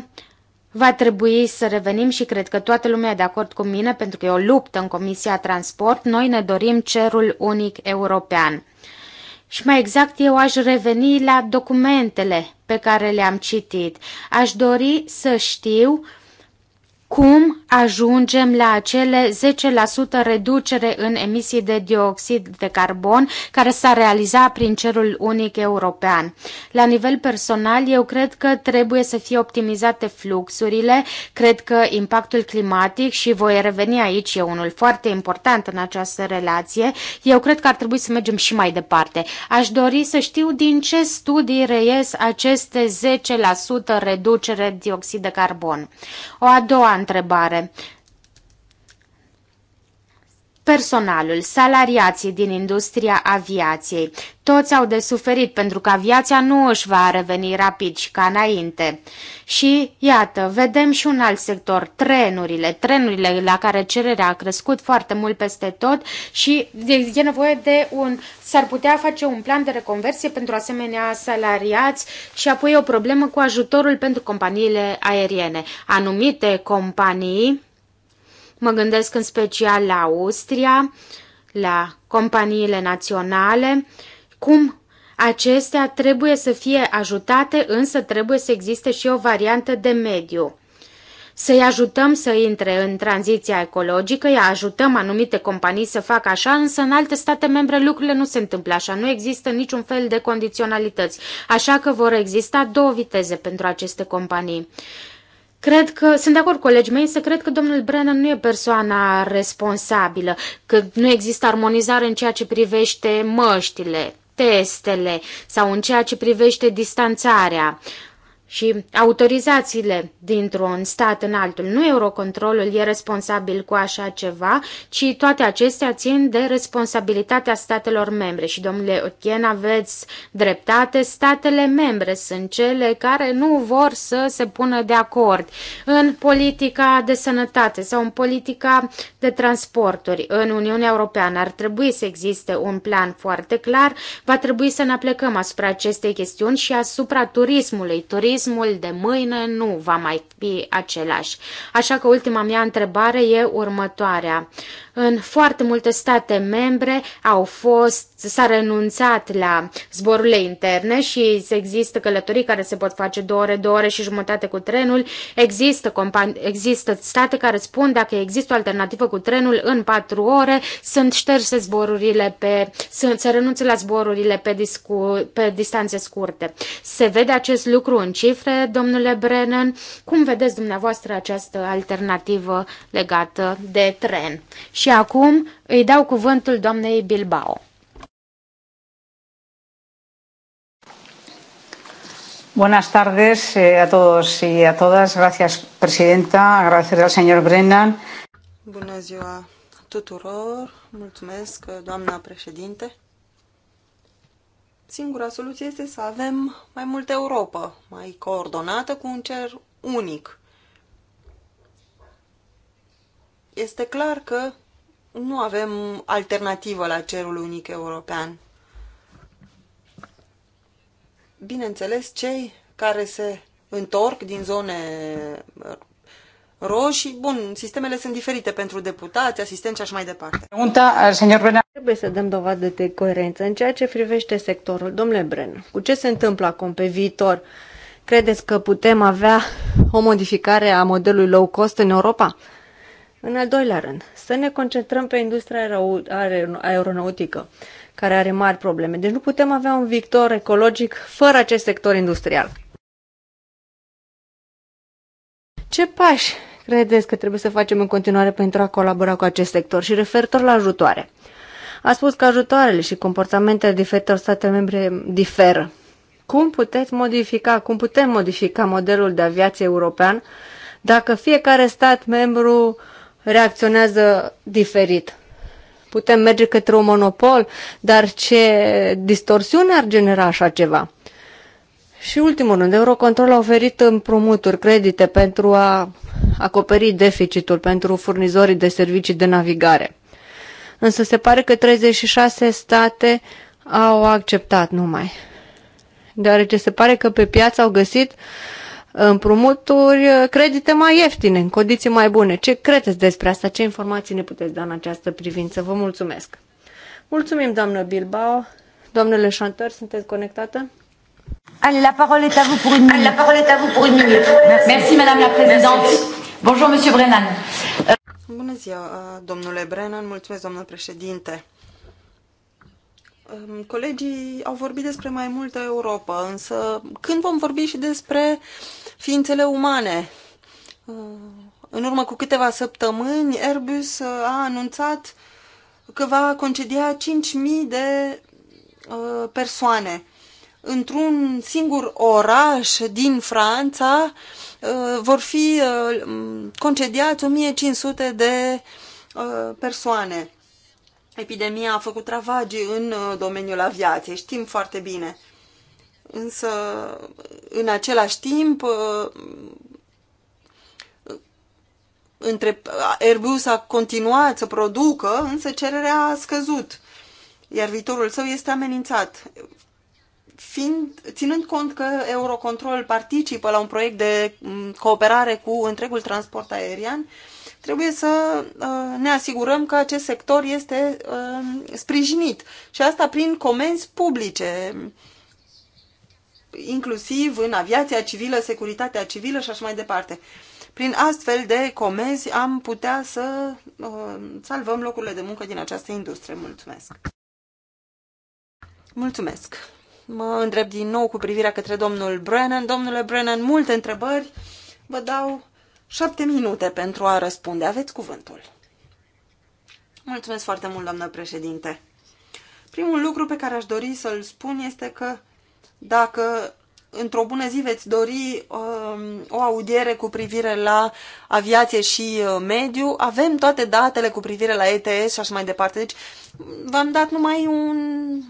va trebui să revenim și cred că toată lumea e de acord cu mine, pentru că e o luptă în Comisia Transport. Noi ne dorim cerul unic european. Și mai exact, eu aș reveni la documentele pe care le-am citit. Aș dori să știu uh, cum ajungem la acele 10% reducere în emisii de dioxid de carbon care s-a realizat prin cerul unic european. La nivel personal, eu cred că trebuie să fie optimizate fluxurile, cred că impactul climatic și voi reveni aici, e unul foarte important în această relație, eu cred că ar trebui să mergem și mai departe. Aș dori să știu din ce studii reies aceste 10% reducere dioxid de carbon. O a doua întrebare personalul, salariații din industria aviației. Toți au de suferit pentru că aviația nu își va reveni rapid și ca înainte. Și iată, vedem și un alt sector, trenurile, trenurile la care cererea a crescut foarte mult peste tot și e nevoie de un... s-ar putea face un plan de reconversie pentru asemenea salariați și apoi o problemă cu ajutorul pentru companiile aeriene. Anumite companii Mă gândesc în special la Austria, la companiile naționale, cum acestea trebuie să fie ajutate, însă trebuie să existe și o variantă de mediu să-i ajutăm să intre în tranziția ecologică, îi ajutăm anumite companii să facă așa, însă în alte state membre lucrurile nu se întâmplă așa, nu există niciun fel de condiționalități, așa că vor exista două viteze pentru aceste companii. Cred că, sunt de acord colegii mei, să cred că domnul Brennan nu e persoana responsabilă, că nu există armonizare în ceea ce privește măștile, testele sau în ceea ce privește distanțarea și autorizațiile dintr-un stat în altul. Nu Eurocontrolul e responsabil cu așa ceva, ci toate acestea țin de responsabilitatea statelor membre. Și, domnule Otien, aveți dreptate, statele membre sunt cele care nu vor să se pună de acord în politica de sănătate sau în politica de transporturi în Uniunea Europeană. Ar trebui să existe un plan foarte clar, va trebui să ne aplecăm asupra acestei chestiuni și asupra turismului. Turism turismul de mâine nu va mai fi același. Așa că ultima mea întrebare e următoarea. În foarte multe state membre au fost s-a renunțat la zborurile interne și există călătorii care se pot face două ore, două ore și jumătate cu trenul. Există, există state care spun dacă există o alternativă cu trenul în patru ore, sunt șterse zborurile pe, sunt, se renunță la zborurile pe, discu, pe distanțe scurte. Se vede acest lucru în cifre, domnule Brennan? Cum vedeți dumneavoastră această alternativă legată de tren? Și acum îi dau cuvântul doamnei Bilbao. Buenas tardes eh, a todos y a todas. Gracias, presidenta. Agradecer al señor Brennan. Bună ziua tuturor. Mulțumesc, doamna președinte. Singura soluție este să avem mai multă Europa, mai coordonată cu un cer unic. Este clar că nu avem alternativă la cerul unic european bineînțeles, cei care se întorc din zone roșii. Bun, sistemele sunt diferite pentru deputați, asistenți și așa mai departe. Trebuie să dăm dovadă de coerență în ceea ce privește sectorul. Domnule Bren, cu ce se întâmplă acum pe viitor? Credeți că putem avea o modificare a modelului low cost în Europa? În al doilea rând, să ne concentrăm pe industria aeronautică. Aer- care are mari probleme. Deci nu putem avea un victor ecologic fără acest sector industrial. Ce pași credeți că trebuie să facem în continuare pentru a colabora cu acest sector și referitor la ajutoare? A spus că ajutoarele și comportamentele diferitor state membre diferă. Cum puteți modifica, cum putem modifica modelul de aviație european dacă fiecare stat membru reacționează diferit? putem merge către un monopol, dar ce distorsiune ar genera așa ceva? Și ultimul rând, Eurocontrol a oferit împrumuturi, credite pentru a acoperi deficitul pentru furnizorii de servicii de navigare. Însă se pare că 36 state au acceptat numai, deoarece se pare că pe piață au găsit uh, împrumuturi, uh, credite mai ieftine, în condiții mai bune. Ce credeți despre asta? Ce informații ne puteți da în această privință? Vă mulțumesc! Mulțumim, doamnă Bilbao. Domnule Chantor, sunteți conectată? Allez, la parole est à vous pour une minute. la parole est à vous pour une minute. Merci, Merci Madame la Présidente. Merci. Bonjour, Monsieur Brennan. Bună ziua, domnule Brennan. Mulțumesc, domnule președinte. Colegii au vorbit despre mai multă Europa, însă când vom vorbi și despre ființele umane? Uh, în urmă cu câteva săptămâni, Airbus uh, a anunțat că va concedia 5.000 de uh, persoane. Într-un singur oraș din Franța vor fi concediați 1.500 de persoane epidemia a făcut ravagii în uh, domeniul aviației, știm foarte bine. Însă, în același timp, uh, între, Airbus a continuat să producă, însă cererea a scăzut, iar viitorul său este amenințat. Fiind, ținând cont că Eurocontrol participă la un proiect de mm, cooperare cu întregul transport aerian, uh, trebuie să uh, ne asigurăm că acest sector este uh, sprijinit și asta prin comenzi publice, inclusiv în aviația civilă, securitatea civilă și așa mai departe. Prin astfel de comenzi am putea să uh, salvăm locurile de muncă din această industrie. Mulțumesc! Mulțumesc! Mă îndrept din nou cu privirea către domnul Brennan. Domnule Brennan, multe întrebări. Vă dau Șapte minute pentru a răspunde. Aveți cuvântul. Mulțumesc foarte mult, doamnă președinte. Primul lucru pe care aș dori să-l spun este că dacă într-o bună zi veți dori um, o audiere cu privire la aviație și uh, mediu, avem toate datele cu privire la ETS și așa mai departe. Deci v-am dat numai un,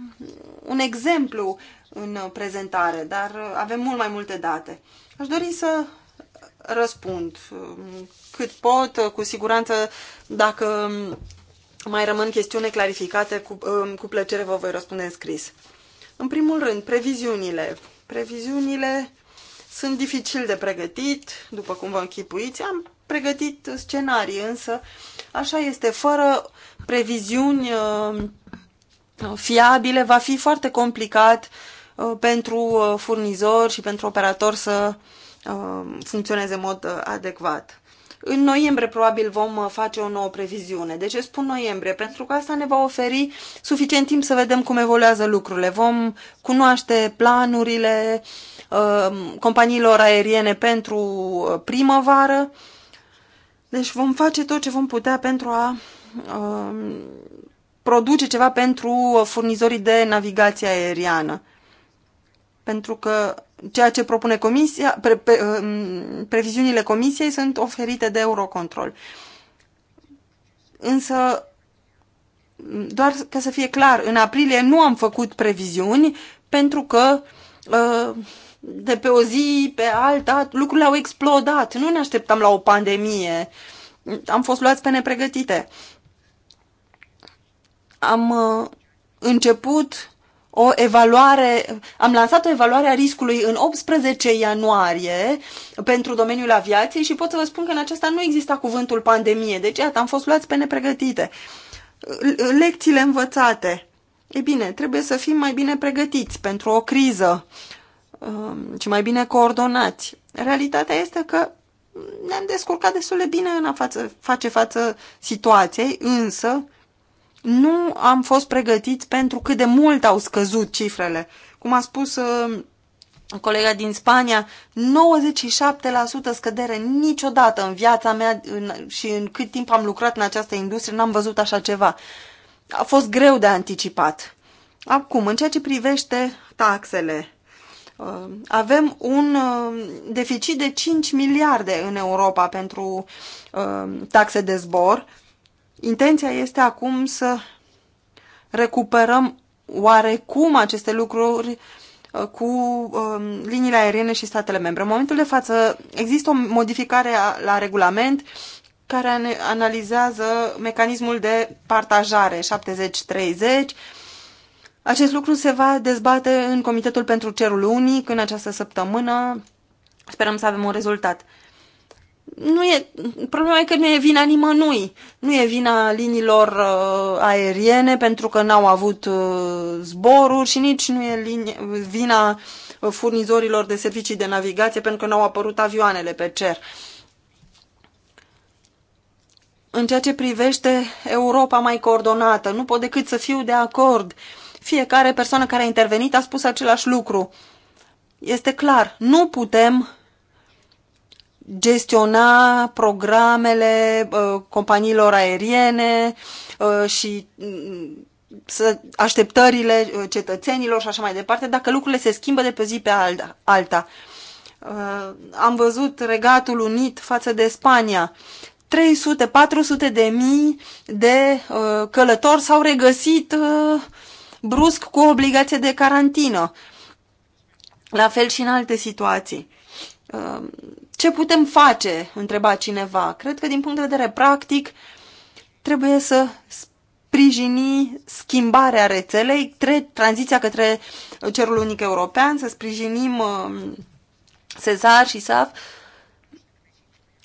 un exemplu în prezentare, dar uh, avem mult mai multe date. Aș dori să răspund cât pot, cu siguranță dacă mai rămân chestiuni clarificate, cu, um, cu plăcere vă voi răspunde în scris. În primul rând, previziunile. Previziunile sunt dificil de pregătit, după cum vă închipuiți. Am pregătit scenarii, însă așa este. Fără previziuni um, fiabile va fi foarte complicat uh, pentru uh, furnizor și pentru operator să uh, Um, funcționeze în mod uh, adecvat. În noiembrie probabil vom uh, face o nouă previziune. De ce spun noiembrie? Pentru că asta ne va oferi suficient timp să vedem cum evoluează lucrurile. Vom cunoaște planurile um, companiilor aeriene pentru uh, primăvară. Deci vom face tot ce vom putea pentru a um, produce ceva pentru furnizorii de navigație aeriană. Pentru că ceea ce propune comisia, pre, pre, um, previziunile comisiei sunt oferite de Eurocontrol. Însă, doar ca să fie clar, în aprilie nu am făcut previziuni pentru că uh, de pe o zi pe alta lucrurile au explodat. Nu ne așteptam la o pandemie. Am fost luați pe nepregătite. Am uh, început o evaluare, am lansat o evaluare a riscului în 18 ianuarie pentru domeniul aviației și pot să vă spun că în aceasta nu exista cuvântul pandemie, deci iată, am fost luați pe nepregătite. Lecțiile învățate. E bine, trebuie să fim mai bine pregătiți pentru o criză și um, mai bine coordonați. Realitatea este că ne-am descurcat destul de bine în a face față situației, însă nu am fost pregătiți pentru cât de mult au scăzut cifrele. Cum a spus uh, colega din Spania, 97% scădere niciodată în viața mea în, și în cât timp am lucrat în această industrie n-am văzut așa ceva. A fost greu de anticipat. Acum, în ceea ce privește taxele, uh, avem un uh, deficit de 5 miliarde în Europa pentru uh, taxe de zbor Intenția este acum să recuperăm oarecum aceste lucruri uh, cu um, liniile aeriene și statele membre. În momentul de față există o modificare a, la regulament care analizează mecanismul de partajare 70-30. Acest lucru se va dezbate în Comitetul pentru Cerul Unic în această săptămână. Sperăm să avem un rezultat nu e, problema e că nu e vina nimănui. Nu e vina liniilor uh, aeriene pentru că n-au avut uh, zboruri și nici nu e linie, vina uh, furnizorilor de servicii de navigație pentru că n-au apărut avioanele pe cer. În ceea ce privește Europa mai coordonată, nu pot decât să fiu de acord. Fiecare persoană care a intervenit a spus același lucru. Este clar, nu putem gestiona programele uh, companiilor aeriene uh, și mm, așteptările uh, cetățenilor și așa mai departe, dacă lucrurile se schimbă de pe zi pe alta. Am văzut Regatul Unit față de Spania. 300-400 de mii de călători s-au regăsit brusc cu obligație de carantină. La fel și în alte situații ce putem face? întreba cineva. Cred că din punct de vedere practic trebuie să sprijini schimbarea rețelei, tre- tranziția către cerul unic european, să sprijinim uh, um, Cezar și SAF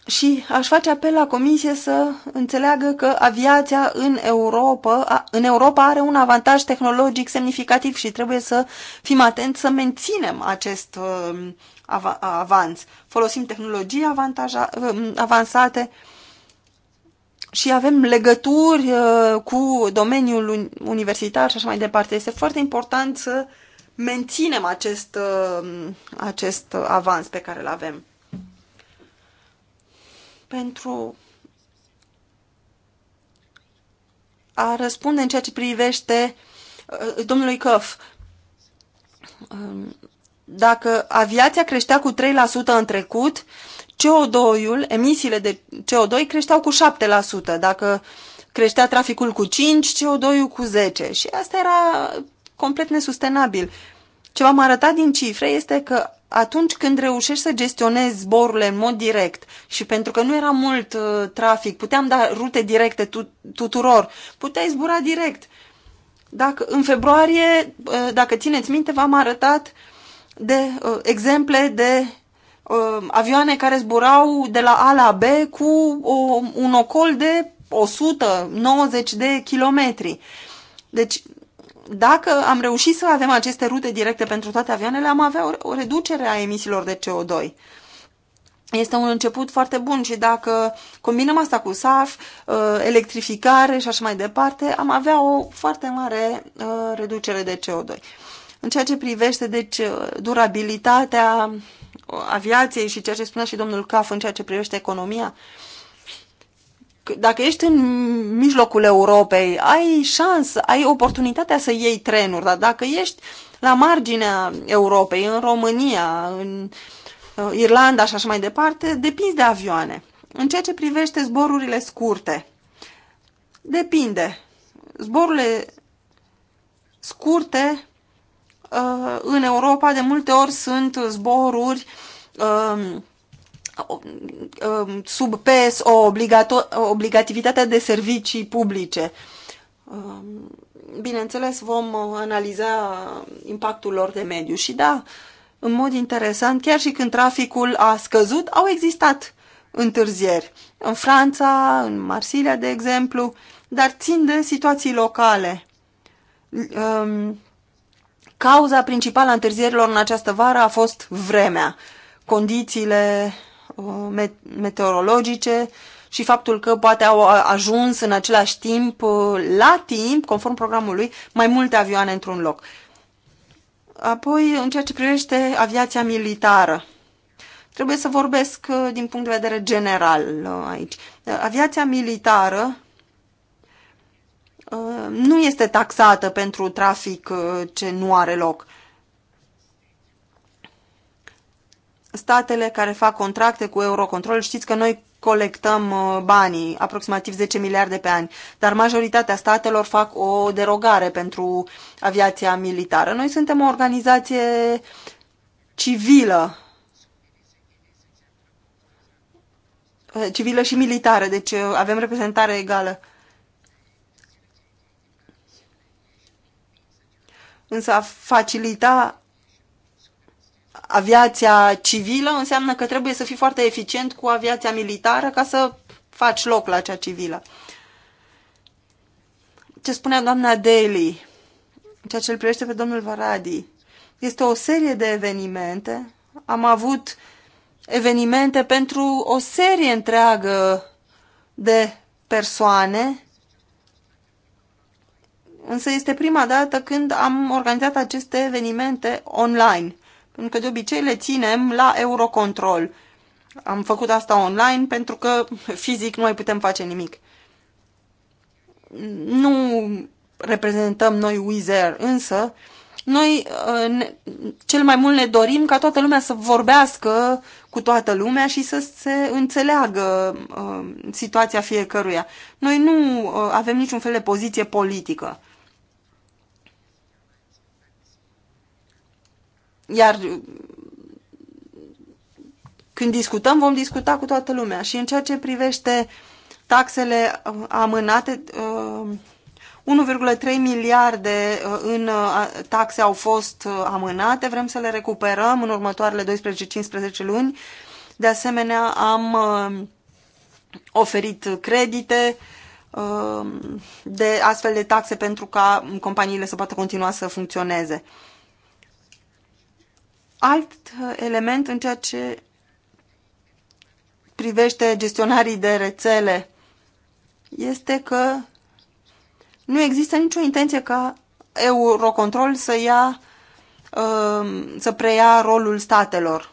și aș face apel la Comisie să înțeleagă că aviația în Europa, în Europa are un avantaj tehnologic semnificativ și trebuie să fim atenți să menținem acest uh, av- avans. Folosim tehnologii um, avansate și avem legături uh, cu domeniul universitar și așa mai departe. Este foarte important să menținem acest, um, acest avans pe care îl avem. Pentru a răspunde în ceea ce privește uh, domnului Căf, um, dacă aviația creștea cu 3% în trecut, CO2-ul, emisiile de CO2 creșteau cu 7%. Dacă creștea traficul cu 5%, CO2-ul cu 10%. Și asta era complet nesustenabil. Ce v-am arătat din cifre este că atunci când reușești să gestionezi zborurile în mod direct și pentru că nu era mult uh, trafic, puteam da rute directe tu, tuturor, puteai zbura direct. Dacă în februarie, uh, dacă țineți minte, v-am arătat uh, de uh, exemple de uh, avioane care zburau de la A la B cu uh, un ocol de 190 de kilometri. Deci, dacă am reușit să avem aceste rute directe pentru toate avioanele, am avea o reducere a emisiilor de CO2. Este un început foarte bun și dacă combinăm asta cu SAF, uh, electrificare și așa mai departe, am avea o foarte mare uh, reducere de CO2. În ceea ce privește, deci, durabilitatea aviației și ceea ce spunea și domnul Caf în ceea ce privește economia, dacă ești în mijlocul Europei, ai șansă, ai oportunitatea să iei trenuri, dar dacă ești la marginea Europei, în România, în uh, Irlanda și așa mai departe, depinzi de avioane. În ceea ce privește zborurile scurte, depinde. Zborurile scurte Uh, în Europa de multe ori sunt zboruri um, um, sub PSO, obligativitatea de servicii publice. Um, bineînțeles, vom uh, analiza impactul lor de mediu și da, în mod interesant, chiar și când traficul a scăzut, au existat întârzieri. În Franța, în Marsilia, de exemplu, dar țin de situații locale. Cauza principală a întârzierilor în această vară a fost vremea, condițiile uh, meteorologice și faptul că poate au ajuns în același timp, uh, la timp, conform programului, mai multe avioane într-un loc. Apoi, în ceea ce privește aviația militară, trebuie să vorbesc uh, din punct de vedere general aici. Aviația militară Uh, nu este taxată pentru trafic uh, ce nu are loc. Statele care fac contracte cu Eurocontrol, știți că noi colectăm uh, banii, aproximativ 10 miliarde pe an, dar majoritatea statelor fac o derogare pentru aviația militară. Noi suntem o organizație civilă, civilă și militară, deci avem reprezentare egală. Însă a facilita aviația civilă înseamnă că trebuie să fii foarte eficient cu aviația militară ca să faci loc la cea civilă. Ce spunea doamna Daly, ceea ce îl privește pe domnul Varadi, este o serie de evenimente. Am avut evenimente pentru o serie întreagă de persoane Însă este prima dată când am organizat aceste evenimente online, pentru că de obicei le ținem la Eurocontrol. Am făcut asta online pentru că fizic nu mai putem face nimic. Nu reprezentăm noi Wizer, însă noi uh, ne, cel mai mult ne dorim ca toată lumea să vorbească cu toată lumea și să se înțeleagă uh, situația fiecăruia. Noi nu uh, avem niciun fel de poziție politică. Iar uh, când discutăm, vom discuta cu toată lumea. Și în ceea ce privește taxele uh, amânate, 1,3 uh, miliarde în taxe au fost amânate, vrem să le recuperăm în următoarele 12-15 luni. De asemenea, am oferit credite de astfel de taxe pentru ca companiile să poată continua să funcționeze. Alt uh, element în ceea ce privește gestionarii de rețele este că nu există nicio intenție ca Eurocontrol să ia um, să preia rolul statelor.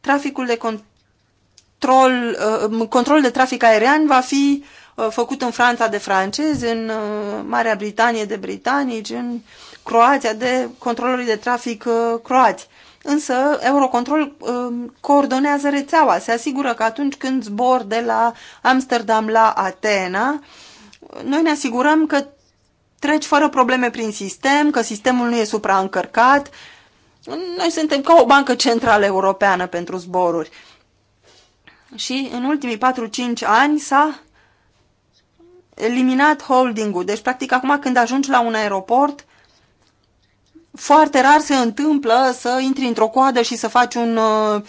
Traficul de control, uh, um, control de trafic aerian va fi uh, făcut în Franța de francezi, în Marea Britanie de britanici, în Croația de controlorii de trafic uh, croați. Însă Eurocontrol um, coordonează rețeaua, se asigură că atunci când zbor de la Amsterdam la Atena, noi ne asigurăm că treci fără probleme prin sistem, că sistemul nu e supraîncărcat. Noi suntem ca o bancă centrală europeană pentru zboruri. Și în ultimii 4-5 ani s-a eliminat holdingul. Deci, practic, acum când ajungi la un aeroport, foarte rar se întâmplă să intri într-o coadă și să faci un uh,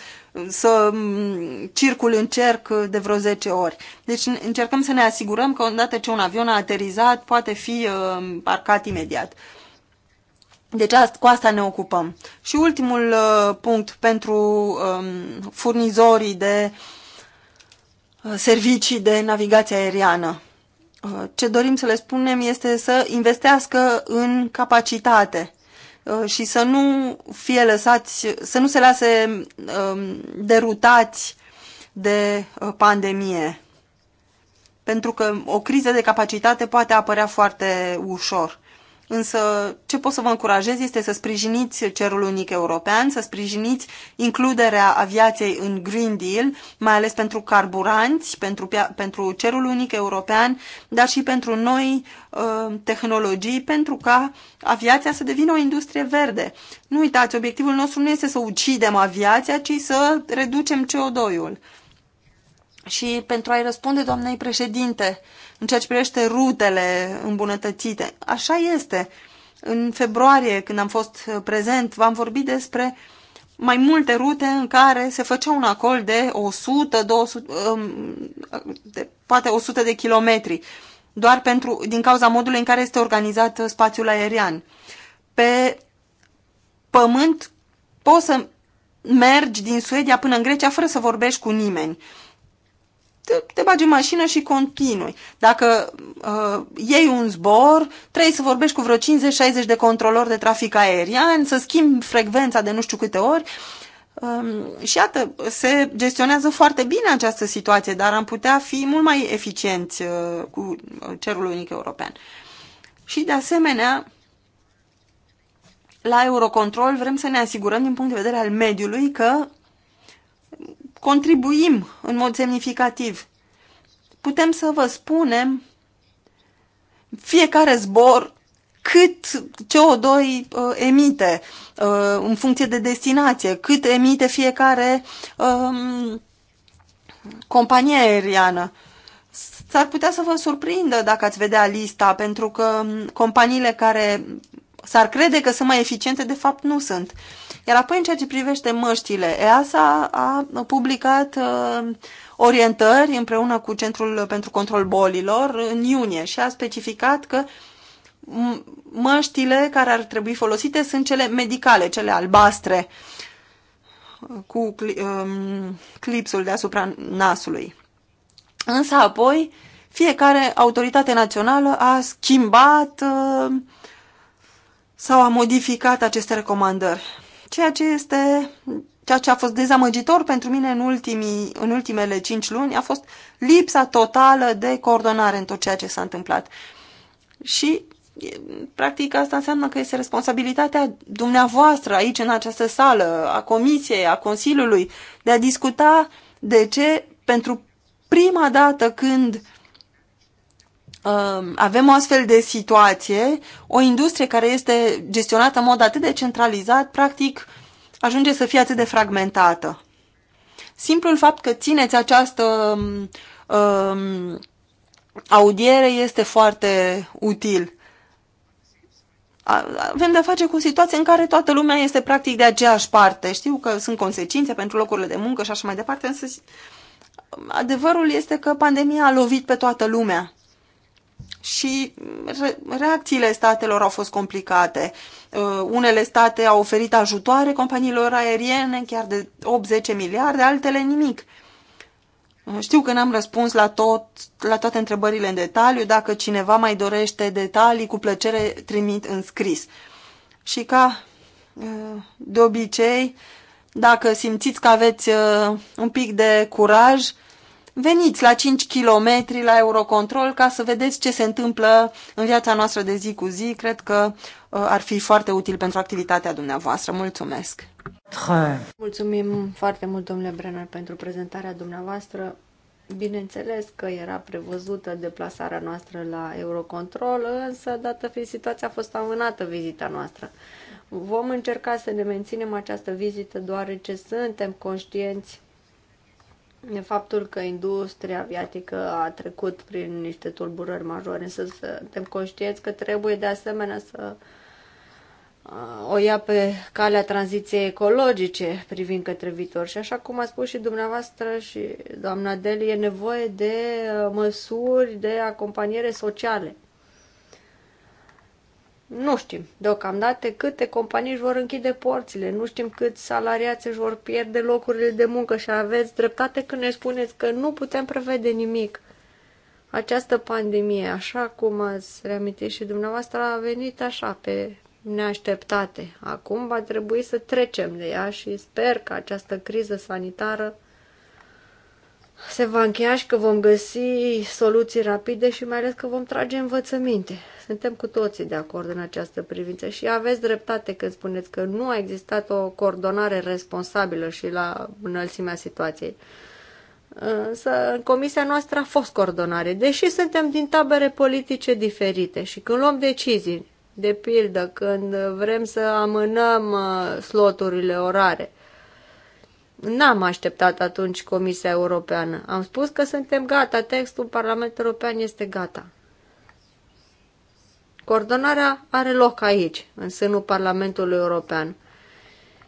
să mm, circul în cerc de vreo 10 ori. Deci încercăm să ne asigurăm că odată ce un avion a aterizat poate fi uh, parcat imediat. Deci asta, cu asta ne ocupăm. Și ultimul uh, punct pentru um, furnizorii de servicii de navigație aeriană ce dorim să le spunem este să investească în capacitate. Uh, și să nu fie lăsați, să nu se lase um, derutați de uh, pandemie. Pentru că o criză de capacitate poate apărea foarte ușor. Însă ce pot să vă încurajez este să sprijiniți cerul unic european, să sprijiniți includerea aviației în Green Deal, mai ales pentru carburanți, pentru, pentru cerul unic european, dar și pentru noi uh, tehnologii, pentru ca aviația să devină o industrie verde. Nu uitați, obiectivul nostru nu este să ucidem aviația, ci să reducem CO2-ul. Și pentru a-i răspunde doamnei președinte, uh, în ceea ce privește rutele îmbunătățite. Așa este. În februarie, când am fost prezent, v-am vorbit despre mai multe rute în care se făcea un acol de 100, 200, um, de, poate 100 de kilometri, doar pentru, din cauza modului în care este organizat spațiul aerian. Pe pământ poți să mergi din Suedia până în Grecia fără să vorbești cu nimeni te, te bagi în mașină și continui. Dacă uh, iei un zbor, trebuie să vorbești cu vreo 50-60 de controlori de trafic aerian, să schimbi frecvența de nu știu câte ori. Um, și iată, se gestionează foarte bine această situație, dar am putea fi mult mai eficienți uh, cu cerul unic european. Și de asemenea, la Eurocontrol vrem să ne asigurăm din punct de vedere al mediului că contribuim în mod semnificativ. Putem să vă spunem fiecare zbor cât CO2 uh, emite uh, în funcție de destinație, cât emite fiecare uh, companie aeriană. S-ar putea să vă surprindă dacă ați vedea lista, pentru că um, companiile care s-ar crede că sunt mai eficiente, de fapt nu sunt. Iar apoi în ceea ce privește măștile, EASA a publicat uh, orientări împreună cu Centrul pentru Control Bolilor în iunie și a specificat că măștile care ar trebui folosite sunt cele medicale, cele albastre, cu um, clipsul deasupra nasului. Însă apoi, fiecare autoritate națională a schimbat uh, sau a modificat aceste recomandări. Ceea ce este ceea ce a fost dezamăgitor pentru mine în, ultimii, în ultimele cinci luni a fost lipsa totală de coordonare în tot ceea ce s-a întâmplat. Și practic asta înseamnă că este responsabilitatea dumneavoastră aici în această sală, a comisiei, a Consiliului, de a discuta de ce pentru prima dată când Um, avem o astfel de situație, o industrie care este gestionată în mod atât de centralizat, practic ajunge să fie atât de fragmentată. Simplul fapt că țineți această um, um audiere este foarte util. Avem de face cu situații în care toată lumea este practic de aceeași parte. Știu că sunt consecințe pentru locurile de muncă și așa mai departe, însă um, adevărul este că pandemia a lovit pe toată lumea și reacțiile statelor au fost complicate. Uh, unele state au oferit ajutoare companiilor aeriene, chiar de 8-10 miliarde, altele nimic. Uh, știu că n-am răspuns la, tot, la toate întrebările în detaliu. Dacă cineva mai dorește detalii, cu plăcere trimit în scris. Și ca uh, de obicei, dacă simțiți că aveți un pic de curaj, veniți la 5 km la Eurocontrol ca să vedeți ce se întâmplă în viața noastră de zi cu zi. Cred că uh, ar fi foarte util pentru activitatea dumneavoastră. Mulțumesc! Mulțumim foarte mult, domnule Brenner, pentru prezentarea dumneavoastră. Bineînțeles că era prevăzută deplasarea noastră la Eurocontrol, însă, dată fiind situația, a fost amânată vizita noastră. Vom încerca să ne menținem această vizită, deoarece suntem conștienți faptul că industria aviatică a trecut prin niște tulburări majore, însă suntem conștienți că trebuie de asemenea să uh, o ia pe calea tranziției ecologice privind către viitor. Și așa cum a spus și dumneavoastră și doamna Deli, e nevoie de uh, măsuri de acompaniere sociale nu știm deocamdată câte companii își vor închide porțile, nu știm câți salariați își vor pierde locurile de muncă și aveți dreptate când ne spuneți că nu putem prevede nimic. Această pandemie, așa cum ați reamintit și dumneavoastră, a venit așa, pe neașteptate. Acum va trebui să trecem de ea și sper că această criză sanitară se va încheia și că vom găsi soluții rapide și mai ales că vom trage învățăminte. Suntem cu toții de acord în această privință și aveți dreptate când spuneți că nu a existat o coordonare responsabilă și la înălțimea situației. Însă în comisia noastră a fost coordonare, deși suntem din tabere politice diferite și când luăm decizii, de pildă când vrem să amânăm uh, sloturile orare, n-am așteptat atunci Comisia Europeană. Am spus că suntem gata, textul Parlamentului European este gata. Coordonarea are loc aici, în sânul Parlamentului European.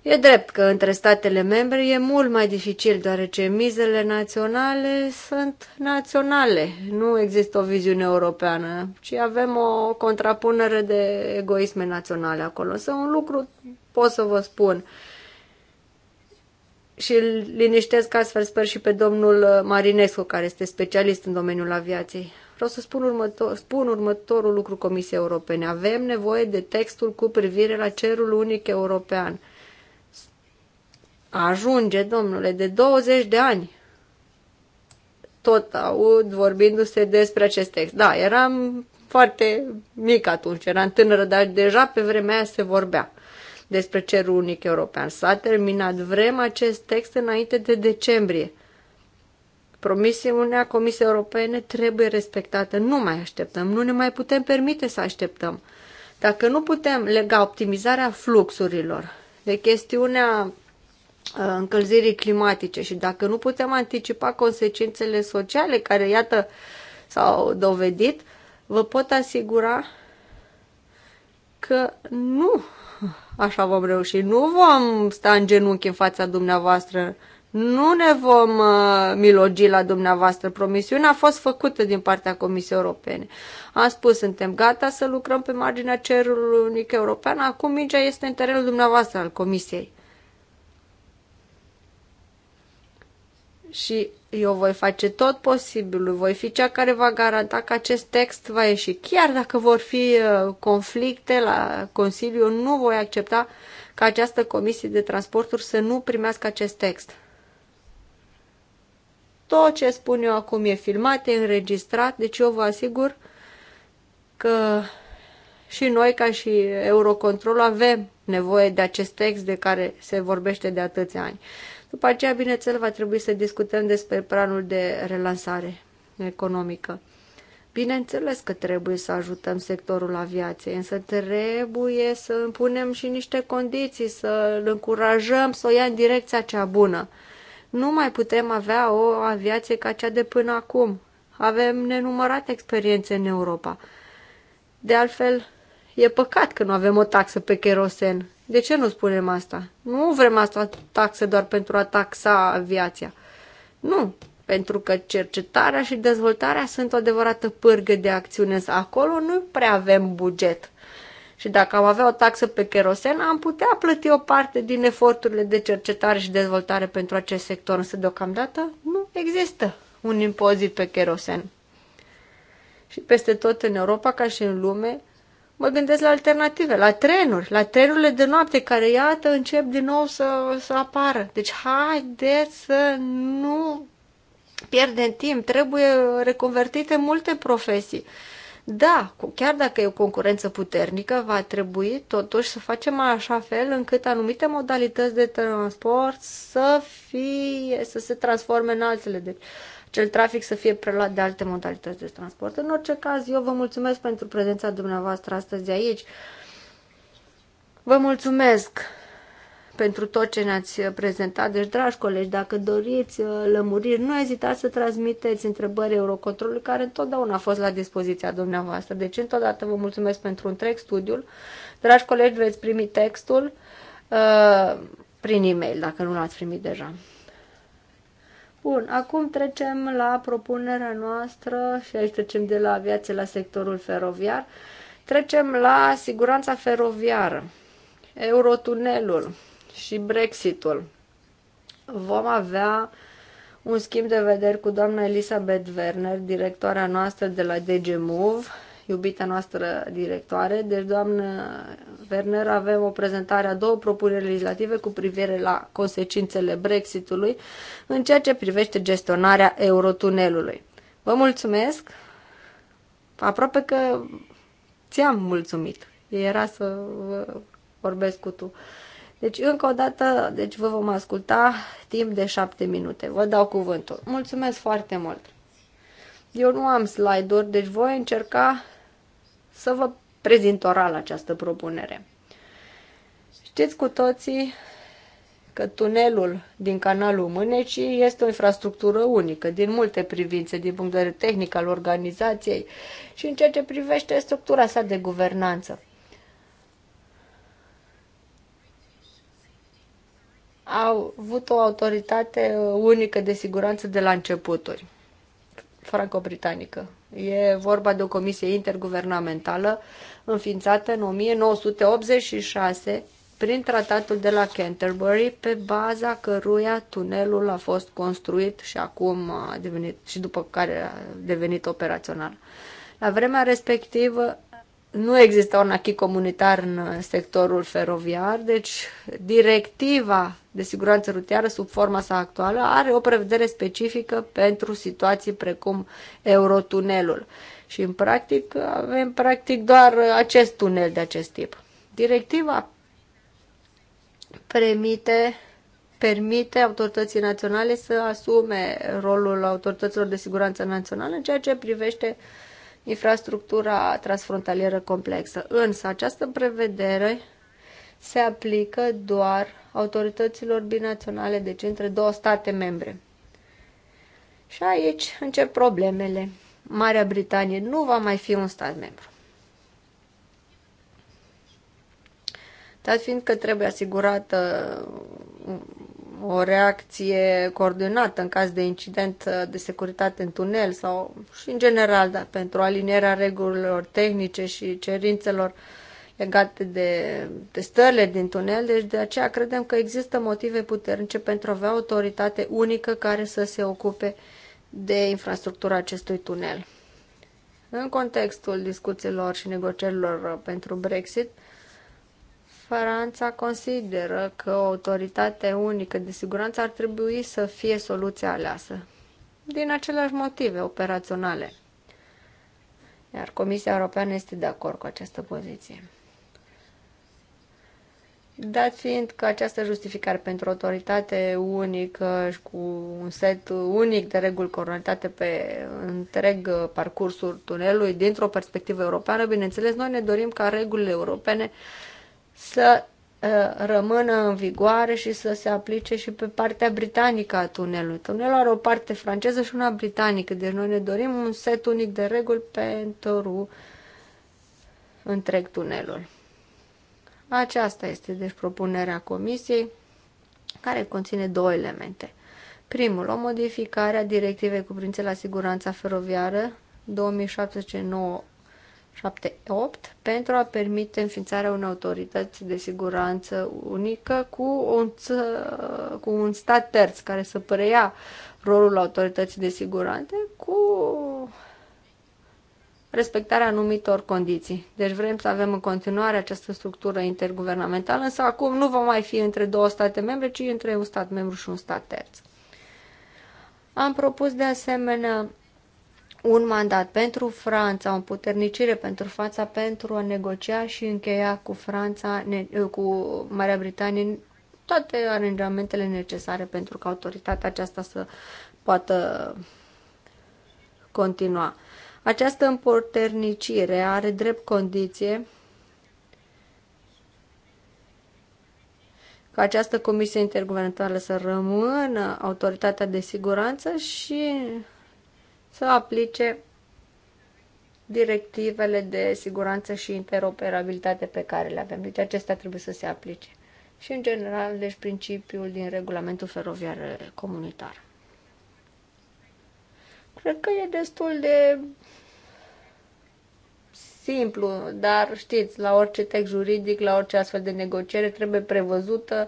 E drept că între statele membre e mult mai dificil, deoarece mizele naționale sunt naționale. Nu există o viziune europeană, ci avem o contrapunere de egoisme naționale acolo. Să un lucru pot să vă spun. Uh, și îl liniștesc astfel, sper, și pe domnul uh, Marinescu, care este specialist în domeniul aviației. Vreau să spun, următor, spun următorul lucru Comisiei Europene. Avem nevoie de textul cu privire la cerul unic european. Ajunge, domnule, de 20 de ani tot aud vorbindu-se despre acest text. Da, eram foarte mic atunci, eram tânără, dar deja pe vremea aia se vorbea despre cerul unic european. S-a terminat. Vrem acest text înainte de decembrie. Promisiunea Comisiei Europene trebuie respectată. Nu mai așteptăm. Nu ne mai putem permite să așteptăm. Dacă nu putem lega optimizarea fluxurilor de chestiunea uh, încălzirii climatice și dacă nu putem anticipa consecințele sociale care, iată, s-au dovedit, vă pot asigura că nu Așa vom reuși. Nu vom sta în genunchi în fața dumneavoastră. Nu ne vom uh, milogi la dumneavoastră. Promisiunea a fost făcută din partea Comisiei Europene. Am spus, suntem gata să lucrăm pe marginea cerului unic european. Acum mingea este în terenul dumneavoastră al Comisiei. Și eu voi face tot posibilul, voi fi cea care va garanta că acest text va ieși. Chiar dacă vor fi uh, conflicte la Consiliu, nu voi accepta ca această comisie de transporturi să nu primească acest text. Tot ce spun eu acum e filmat, e înregistrat, deci eu vă asigur că și noi, ca și Eurocontrol, avem nevoie de acest text de care se vorbește de atâția ani. După aceea, bineînțeles, va trebui să discutăm despre planul de relansare economică. Bineînțeles că trebuie să ajutăm sectorul aviației, însă trebuie să punem și niște condiții, să îl încurajăm să o ia în direcția cea bună. Nu mai putem avea o aviație ca cea de până acum. Avem nenumărate experiențe în Europa. De altfel, E păcat că nu avem o taxă pe kerosen. De ce nu spunem asta? Nu vrem asta taxă doar pentru a taxa aviația. Nu, pentru că cercetarea și dezvoltarea sunt o adevărată pârgă de acțiune. Acolo nu prea avem buget. Și dacă am avea o taxă pe kerosen, am putea plăti o parte din eforturile de cercetare și dezvoltare pentru acest sector, însă deocamdată nu există un impozit pe kerosen. Și peste tot în Europa, ca și în lume, mă gândesc la alternative, la trenuri, la trenurile de noapte care, iată, încep din nou să, să apară. Deci, haideți să nu pierdem timp, trebuie reconvertite multe profesii. Da, chiar dacă e o concurență puternică, va trebui totuși să facem așa fel încât anumite modalități de transport să fie, să se transforme în altele. Deci, uh, acel trafic să fie preluat de alte modalități de transport. În orice caz, eu vă mulțumesc pentru prezența dumneavoastră astăzi aici. Vă mulțumesc pentru tot ce ne-ați prezentat. Deci, dragi colegi, dacă doriți uh, lămuriri, nu ezitați să transmiteți întrebări Eurocontrolului, care întotdeauna a fost la dispoziția dumneavoastră. Deci, întotdeauna vă mulțumesc pentru întreg studiul. Dragi colegi, veți primi textul uh, prin e-mail, dacă nu l-ați primit deja. Bun, acum trecem la propunerea noastră și aici trecem de la aviație la sectorul feroviar. Trecem la siguranța feroviară, eurotunelul și Brexitul. Vom avea un schimb de vederi cu doamna Elisabeth Werner, directoarea noastră de la DG Move, iubita noastră directoare. Deci, doamnă Werner, avem o prezentare a două propuneri legislative cu privire la consecințele Brexitului în ceea ce privește gestionarea eurotunelului. Vă mulțumesc! Aproape că ți-am mulțumit. Era să vă vorbesc cu tu. Deci, încă o dată, deci vă vom asculta timp de șapte minute. Vă dau cuvântul. Mulțumesc foarte mult! Eu nu am slide-uri, deci voi încerca să vă prezint oral această propunere. Știți cu toții că tunelul din canalul Mânecii este o infrastructură unică din multe privințe, din punct de vedere tehnic al organizației și în ceea ce privește structura sa de guvernanță. Au avut o autoritate unică de siguranță de la începuturi, franco-britanică, E vorba de o comisie interguvernamentală înființată în 1986 prin tratatul de la Canterbury, pe baza căruia tunelul a fost construit și acum a devenit, și după care a devenit operațional. La vremea respectivă nu exista un achii comunitar în sectorul feroviar, deci directiva de siguranță rutieră sub forma sa actuală are o prevedere specifică pentru situații precum eurotunelul. Și în practic avem practic doar acest tunel de acest tip. Directiva permite permite autorității naționale să asume rolul autorităților de siguranță națională în ceea ce privește infrastructura transfrontalieră complexă. Însă această prevedere se aplică doar autorităților binaționale, deci între două state membre. Și aici încep problemele. Marea Britanie nu va mai fi un stat membru. Dat fiind că trebuie asigurată uh, o reacție coordonată în caz de incident uh, de securitate în tunel sau și în general da, pentru alinierea regulilor tehnice și cerințelor uh, legate de testările din tunel, deci de aceea credem că există motive puternice pentru a avea autoritate unică care să se ocupe de infrastructura acestui tunel. În contextul discuțiilor și negocierilor pentru Brexit, Franța consideră că o autoritate unică de siguranță ar trebui să fie soluția aleasă, din aceleași motive operaționale. Iar Comisia Europeană este de acord cu această poziție. Dat fiind că această justificare pentru autoritate unică și cu un set unic de reguli coronate pe întreg parcursul tunelului, dintr-o perspectivă europeană, bineînțeles, noi ne dorim ca regulile europene să uh, rămână în vigoare și să se aplice și pe partea britanică a tunelului. Tunelul are o parte franceză și una britanică, deci noi ne dorim un set unic de reguli pentru întreg tunelul. Aceasta este, deci, propunerea comisiei, care conține două elemente. Primul, o modificare a directivei cu prințe la siguranța feroviară 2007 978 pentru a permite înființarea unei autorități de siguranță unică cu un, cu un stat terț care să preia rolul autorității de siguranță cu respectarea anumitor condiții. Deci vrem să avem în continuare această structură interguvernamentală, însă acum nu va mai fi între două state membre, ci între un stat membru și un stat terț. Am propus de asemenea un mandat pentru Franța, o puternicire pentru Franța pentru a negocia și încheia cu Franța, cu Marea Britanie toate aranjamentele necesare pentru ca autoritatea aceasta să poată continua. Această împuternicire are drept condiție ca această comisie interguvernamentală să rămână autoritatea de siguranță și să aplice directivele de siguranță și interoperabilitate pe care le avem. Deci acestea trebuie să se aplice. Și în general, deci principiul din regulamentul feroviar comunitar. Cred că e destul de simplu, dar știți, la orice text juridic, la orice astfel de negociere trebuie prevăzută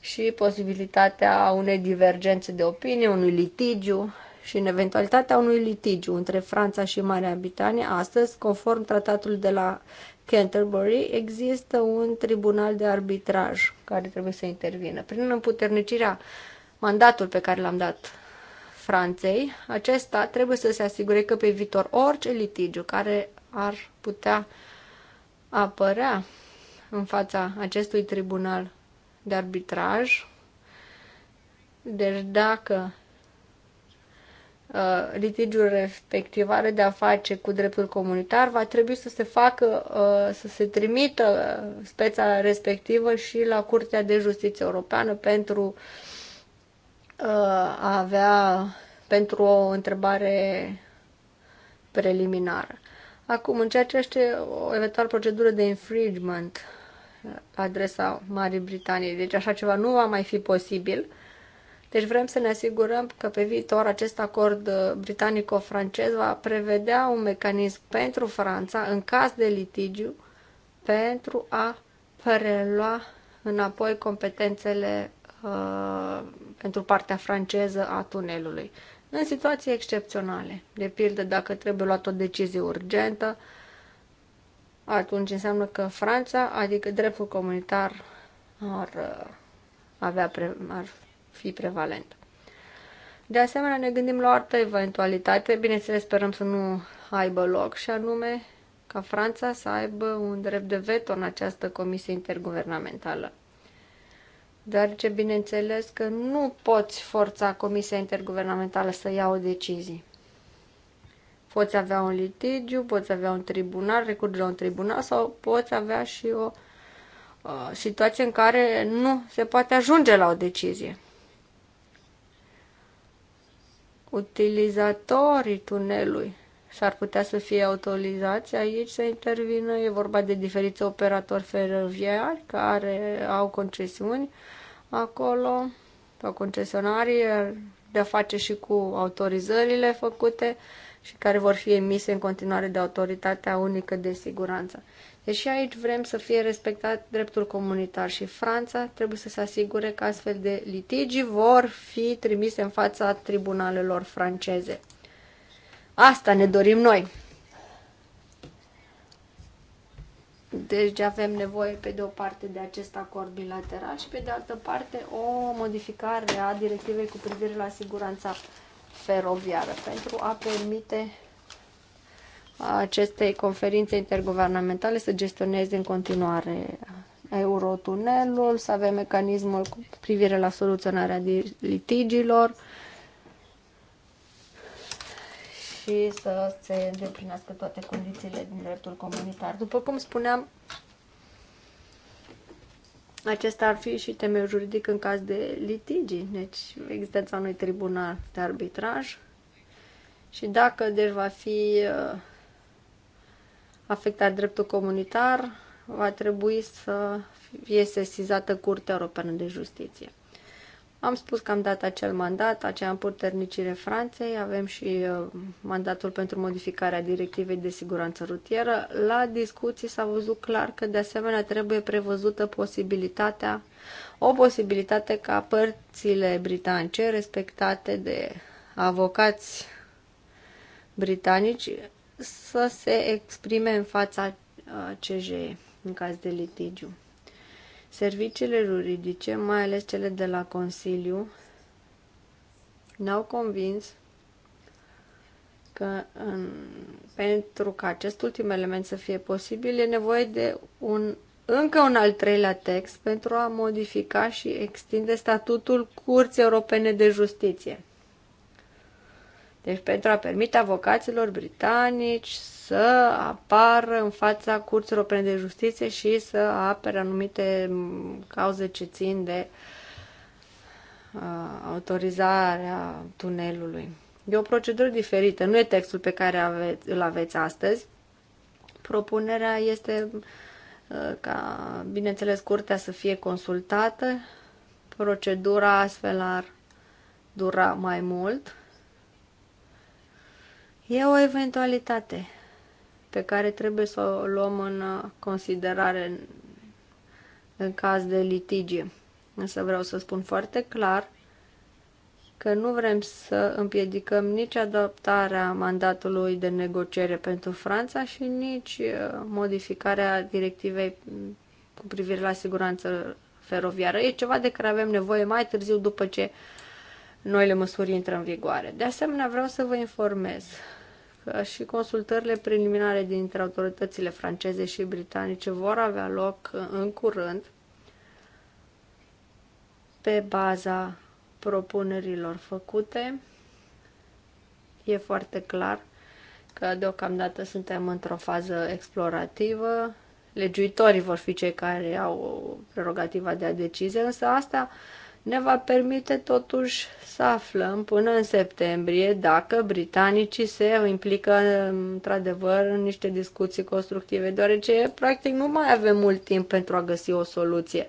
și posibilitatea unei divergențe de opinie, unui litigiu și în eventualitatea unui litigiu între Franța și Marea Britanie, astăzi, conform tratatului de la Canterbury, există un tribunal de arbitraj care trebuie să intervină. Prin împuternicirea mandatul pe care l-am dat Franței, acesta trebuie să se asigure că pe viitor orice litigiu care ar putea apărea în fața acestui tribunal de arbitraj. Deci dacă uh, litigiul respectiv are de a face cu dreptul comunitar, va trebui să se facă, uh, să se trimită speța respectivă și la Curtea de Justiție Europeană pentru uh, a avea pentru o întrebare preliminară. Acum, în ceea ce este o eventual procedură de infringement la adresa Marii Britanii, deci așa ceva nu va mai fi posibil. Deci vrem să ne asigurăm că pe viitor acest acord uh, britanico-francez va prevedea un mecanism pentru Franța în caz de litigiu pentru a prelua înapoi competențele uh, pentru partea franceză a tunelului în situații excepționale. De pildă, dacă trebuie luat o decizie urgentă, atunci înseamnă că Franța, adică dreptul comunitar, ar, uh, avea pre, ar fi prevalent. De asemenea, ne gândim la o altă eventualitate, bineînțeles sperăm să nu aibă loc, și anume ca Franța să aibă un drept de veto în această comisie interguvernamentală deoarece bineînțeles că nu poți forța Comisia Interguvernamentală să ia o decizie. Poți avea un litigiu, poți avea un tribunal, recurge la un tribunal sau poți avea și o uh, situație în care nu se poate ajunge la o decizie. Utilizatorii tunelului și ar putea să fie autorizați aici să intervină. E vorba de diferiți operatori feroviari care au concesiuni acolo sau concesionarii de a face și cu autorizările făcute și care vor fi emise în continuare de Autoritatea Unică de Siguranță. Deși aici vrem să fie respectat dreptul comunitar și Franța trebuie să se asigure că astfel de litigi vor fi trimise în fața tribunalelor franceze. Asta ne dorim noi. Deci avem nevoie pe de o parte de acest acord bilateral și pe de altă parte o modificare a directivei cu privire la siguranța feroviară pentru a permite acestei conferințe interguvernamentale să gestioneze în continuare eurotunelul, să avem mecanismul cu privire la soluționarea litigiilor, și să se îndeplinească toate condițiile din dreptul comunitar. După cum spuneam, acesta ar fi și temeiul juridic în caz de litigi, deci existența unui tribunal de arbitraj. Și dacă deci va fi uh, afectat dreptul comunitar, va trebui să fie sesizată Curtea Europeană de Justiție. Am spus că am dat acel mandat, acea împuternicire Franței, avem și uh, mandatul pentru modificarea directivei de siguranță rutieră. La discuții s-a văzut clar că de asemenea trebuie prevăzută posibilitatea, o posibilitate ca părțile britanice respectate de avocați britanici să se exprime în fața uh, CJ în caz de litigiu. Serviciile juridice, mai ales cele de la Consiliu, ne-au convins că în, pentru ca acest ultim element să fie posibil, e nevoie de un, încă un al treilea text pentru a modifica și extinde statutul Curții Europene de Justiție. Deci pentru a permite avocaților britanici să apară în fața curților de justiție și să apere anumite cauze ce țin de uh, autorizarea tunelului. E o procedură diferită, nu e textul pe care aveți, îl aveți astăzi. Propunerea este uh, ca, bineînțeles, curtea să fie consultată, procedura astfel ar dura mai mult E o eventualitate pe care trebuie să o luăm în uh, considerare în, în caz de litigiu. Însă vreau să spun foarte clar că nu vrem să împiedicăm nici adoptarea mandatului de negociere pentru Franța și nici uh, modificarea directivei cu privire la siguranță feroviară. E ceva de care avem nevoie mai târziu după ce noile măsuri intră în vigoare. De asemenea, vreau să vă informez că și consultările preliminare dintre autoritățile franceze și britanice vor avea loc în curând pe baza propunerilor făcute. E foarte clar că deocamdată suntem într-o fază explorativă. Legiuitorii vor fi cei care au prerogativa de a decide însă asta ne va permite totuși să aflăm până în septembrie dacă britanicii se implică într-adevăr în niște discuții constructive, deoarece practic nu mai avem mult timp pentru a găsi o soluție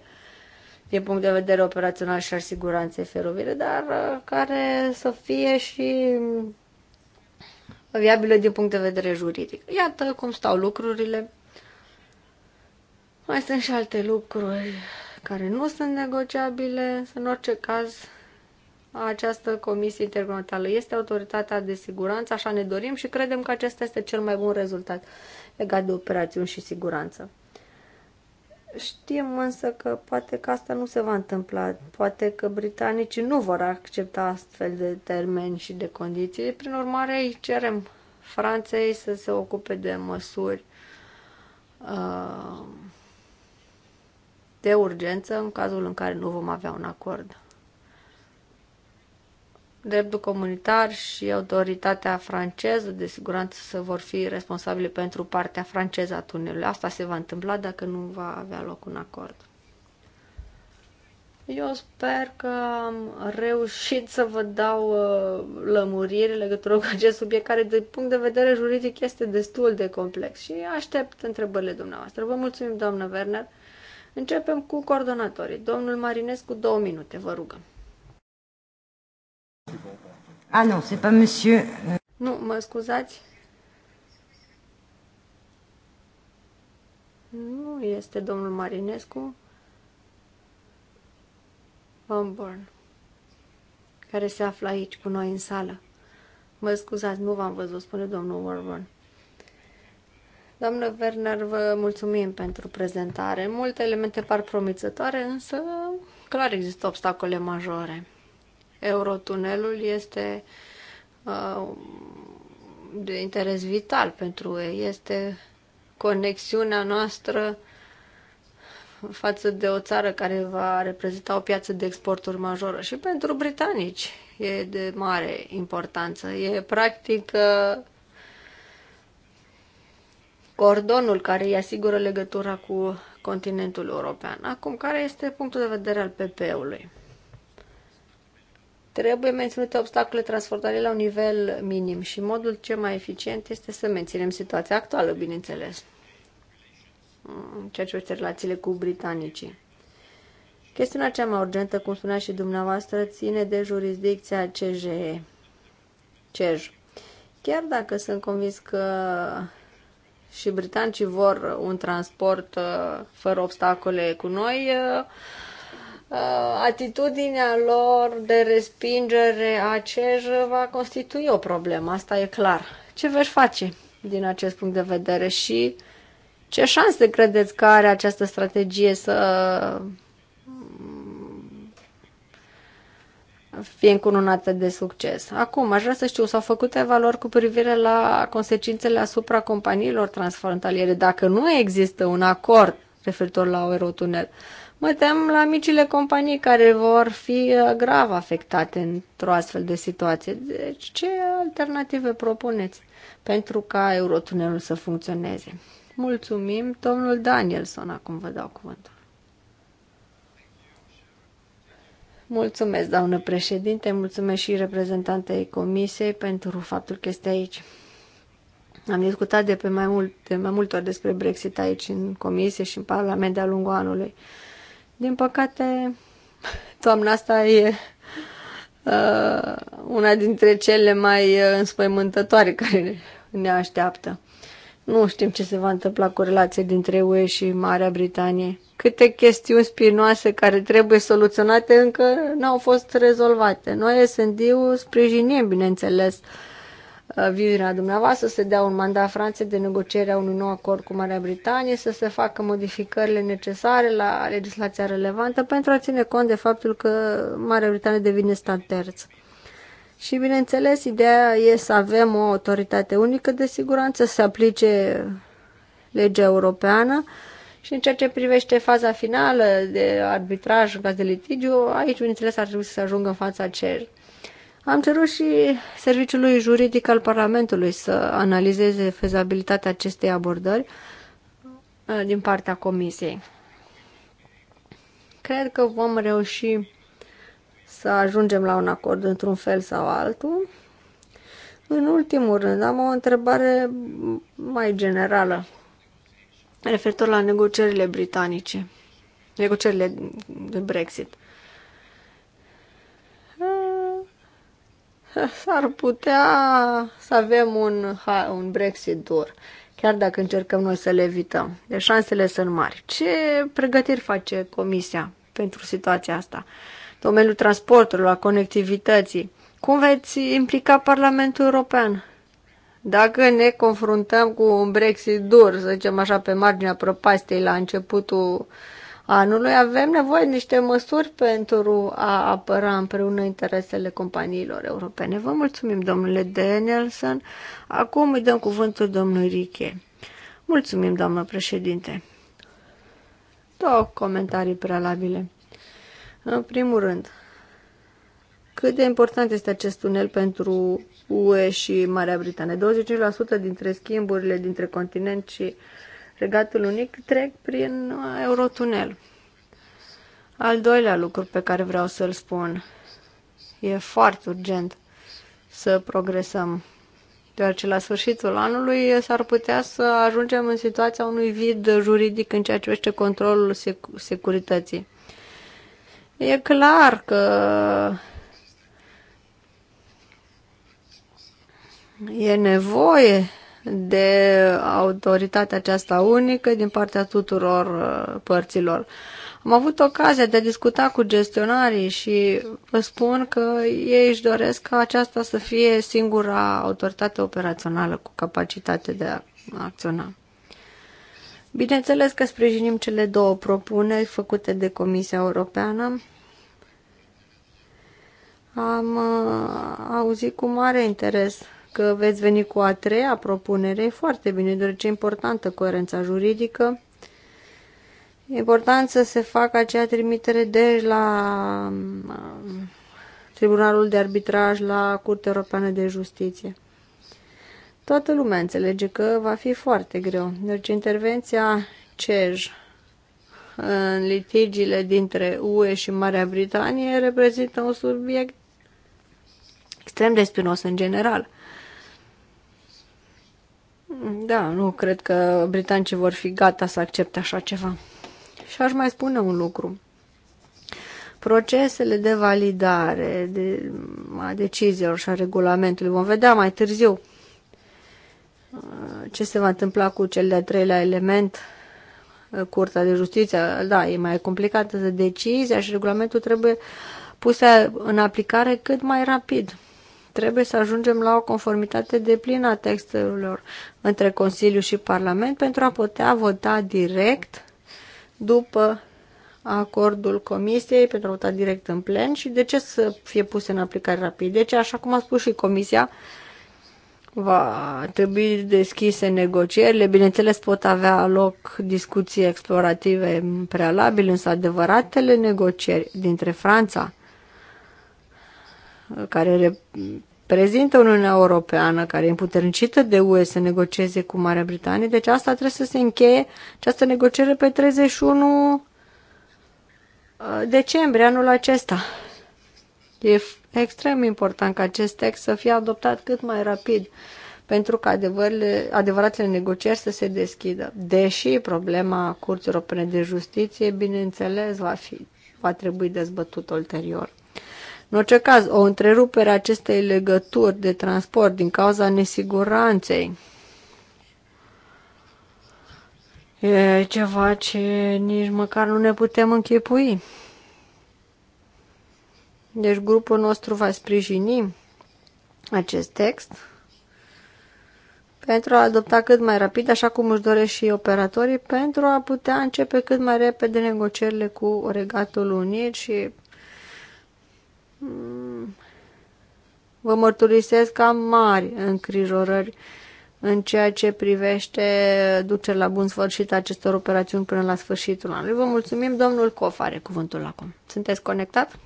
din punct de vedere operațional și al siguranței feroviere, dar uh, care să fie și viabilă din punct de vedere juridic. Iată cum stau lucrurile. Mai sunt și alte lucruri care nu sunt negociabile. În orice caz, această comisie intergovernamentală este autoritatea de siguranță, așa ne dorim și credem că acesta este cel mai bun rezultat legat de operațiuni și siguranță. Știm însă că poate că asta nu se va întâmpla, poate că britanicii nu vor accepta astfel de termeni și de condiții, prin urmare îi cerem Franței să se ocupe de măsuri uh, de urgență în cazul în care nu vom avea un acord. Dreptul comunitar și autoritatea franceză de siguranță să vor fi responsabile pentru partea franceză a tunelului. Asta se va întâmpla dacă nu va avea loc un acord. Eu sper că am reușit să vă dau uh, lămuriri legătură cu acest subiect care, de punct de vedere juridic, este destul de complex și aștept întrebările dumneavoastră. Vă mulțumim, doamnă Werner. Începem cu coordonatorii. Domnul Marinescu, două minute, vă rugăm. Ah, nu, se pas monsieur... Euh, nu, mă scuzați. Nu este domnul Marinescu. Bomborn, care se află aici cu noi în sală. Mă scuzați, nu v-am văzut, spune domnul Warburn. Doamnă Werner, vă mulțumim pentru prezentare. Multe elemente par promițătoare, însă clar există obstacole majore. Eurotunelul este uh, de interes vital pentru ei. Este conexiunea noastră față de o țară care va reprezenta o piață de exporturi majoră și pentru britanici e de mare importanță. E practic uh, cordonul care îi asigură legătura cu continentul european. Acum, care este punctul de vedere al PP-ului? Trebuie menținute obstacole transportare la un nivel minim și modul cel mai eficient este să menținem situația actuală, bineînțeles, în ceea ce este relațiile cu britanicii. Chestiunea cea mai urgentă, cum spunea și dumneavoastră, ține de jurisdicția CJE. CEJ. Chiar dacă sunt convins că și britanicii vor un transport uh, fără obstacole cu noi, uh, uh, atitudinea lor de respingere a CEJ va constitui o problemă, asta e clar. Ce veți face din acest punct de vedere și ce șanse credeți că are această strategie să fie încununată de succes. Acum, aș vrea să știu, s-au făcut evaluări cu privire la consecințele asupra companiilor transfrontaliere dacă nu există un acord referitor la aerotunel. Mă tem la micile companii care vor fi uh, grav afectate într-o astfel de situație. Deci, ce alternative propuneți pentru ca eurotunelul să funcționeze? Mulțumim, domnul Danielson, acum vă dau cuvântul. Mulțumesc, doamnă președinte, mulțumesc și reprezentantei comisiei pentru faptul că este aici. Am discutat de pe mai, mult, de mai multe ori despre Brexit aici în comisie și în Parlament de-a lungul anului. Din păcate, toamna asta e uh, una dintre cele mai uh, înspăimântătoare care ne așteaptă. Nu știm ce se va întâmpla cu relația dintre UE și Marea Britanie. Câte chestiuni spinoase care trebuie soluționate încă n-au fost rezolvate. Noi, SND-ul, sprijinim, bineînțeles, uh, viziunea dumneavoastră, să dea un mandat Franței de negocierea unui nou acord cu Marea Britanie, să se facă modificările necesare la legislația relevantă pentru a ține cont de faptul că Marea Britanie devine stat terț. Și, bineînțeles, ideea e să avem o autoritate unică de siguranță, să aplice legea europeană și în ceea ce privește faza finală de arbitraj în caz de litigiu, aici, bineînțeles, ar trebui să se ajungă în fața cer. Am cerut și Serviciului Juridic al Parlamentului să analizeze fezabilitatea acestei abordări uh, din partea Comisiei. Cred că vom reuși să ajungem la un acord într-un fel sau altul. În ultimul rând, am o întrebare mai generală referitor la negocierile britanice, negocierile de Brexit. Eh, s-ar putea să avem un, un Brexit dur, chiar dacă încercăm noi să le evităm. Deci șansele sunt mari. Ce pregătiri face Comisia pentru situația asta? Uh, domeniul transporturilor, a conectivității. Cum veți implica Parlamentul European? Dacă ne confruntăm cu un Brexit dur, să zicem așa, pe marginea prăpastei la începutul anului, avem nevoie de niște măsuri pentru a apăra împreună interesele companiilor europene. Vă mulțumim, domnule Danielson. Acum îi dăm cuvântul domnului Riche. Mulțumim, doamnă președinte. Două comentarii prealabile. În primul rând, cât de important este acest tunel pentru UE și Marea Britanie? 25% dintre schimburile dintre continent și Regatul Unic trec prin Eurotunel. Al doilea lucru pe care vreau să-l spun, e foarte urgent să progresăm, deoarece la sfârșitul anului s-ar putea să ajungem în situația unui vid juridic în ceea ce privește controlul securității. E clar că e nevoie de autoritatea aceasta unică din partea tuturor uh, părților. Am avut ocazia de a discuta cu gestionarii și vă spun că ei își doresc ca aceasta să fie singura autoritate operațională cu capacitate de a acționa. Bineînțeles că sprijinim cele două propuneri făcute de Comisia Europeană. Am uh, auzit cu mare interes că veți veni cu a treia propunere, foarte bine, deoarece e importantă coerența juridică. E important să se facă acea trimitere de la um, Tribunalul de Arbitraj, la Curtea Europeană de Justiție. Toată lumea înțelege că va fi foarte greu. Deci intervenția CEJ în litigiile dintre UE și Marea Britanie reprezintă un subiect extrem de spinos în general. Da, nu cred că britanicii vor fi gata să accepte așa ceva. Și aș mai spune un lucru. Procesele de validare de, a deciziilor și a regulamentului vom vedea mai târziu ce se va întâmpla cu cel de-al treilea element, uh, Curtea de Justiție, da, e mai complicată de decizia și regulamentul trebuie puse în aplicare cât mai rapid. Trebuie să ajungem la o conformitate de plină a textelor între Consiliu și Parlament pentru a putea vota direct după acordul Comisiei pentru a vota direct în plen și de ce să fie puse în aplicare rapid. Deci, așa cum a spus și Comisia, va trebui deschise negocierile. Bineînțeles, pot avea loc discuții explorative în prealabil, însă adevăratele negocieri dintre Franța, care reprezintă Uniunea Europeană, care e împuternicită de UE să negocieze cu Marea Britanie, deci asta trebuie să se încheie, această negociere pe 31 uh, decembrie anul acesta. E extrem important ca acest text să fie adoptat cât mai rapid pentru că adevăratele negocieri să se deschidă. Deși problema Curții Europene de Justiție, bineînțeles, va, fi, va trebui dezbătut ulterior. În orice caz, o întrerupere a acestei legături de transport din cauza nesiguranței e ceva ce nici măcar nu ne putem închipui. Deci grupul nostru va sprijini acest text pentru a adopta cât mai rapid, așa cum își doresc și operatorii, pentru a putea începe cât mai repede negocierile cu Regatul Unit și mm, vă mărturisesc că am mari încrijorări în ceea ce privește ducerea la bun sfârșit acestor operațiuni până la sfârșitul anului. Vă mulțumim, domnul Cof are cuvântul acum. Sunteți conectat?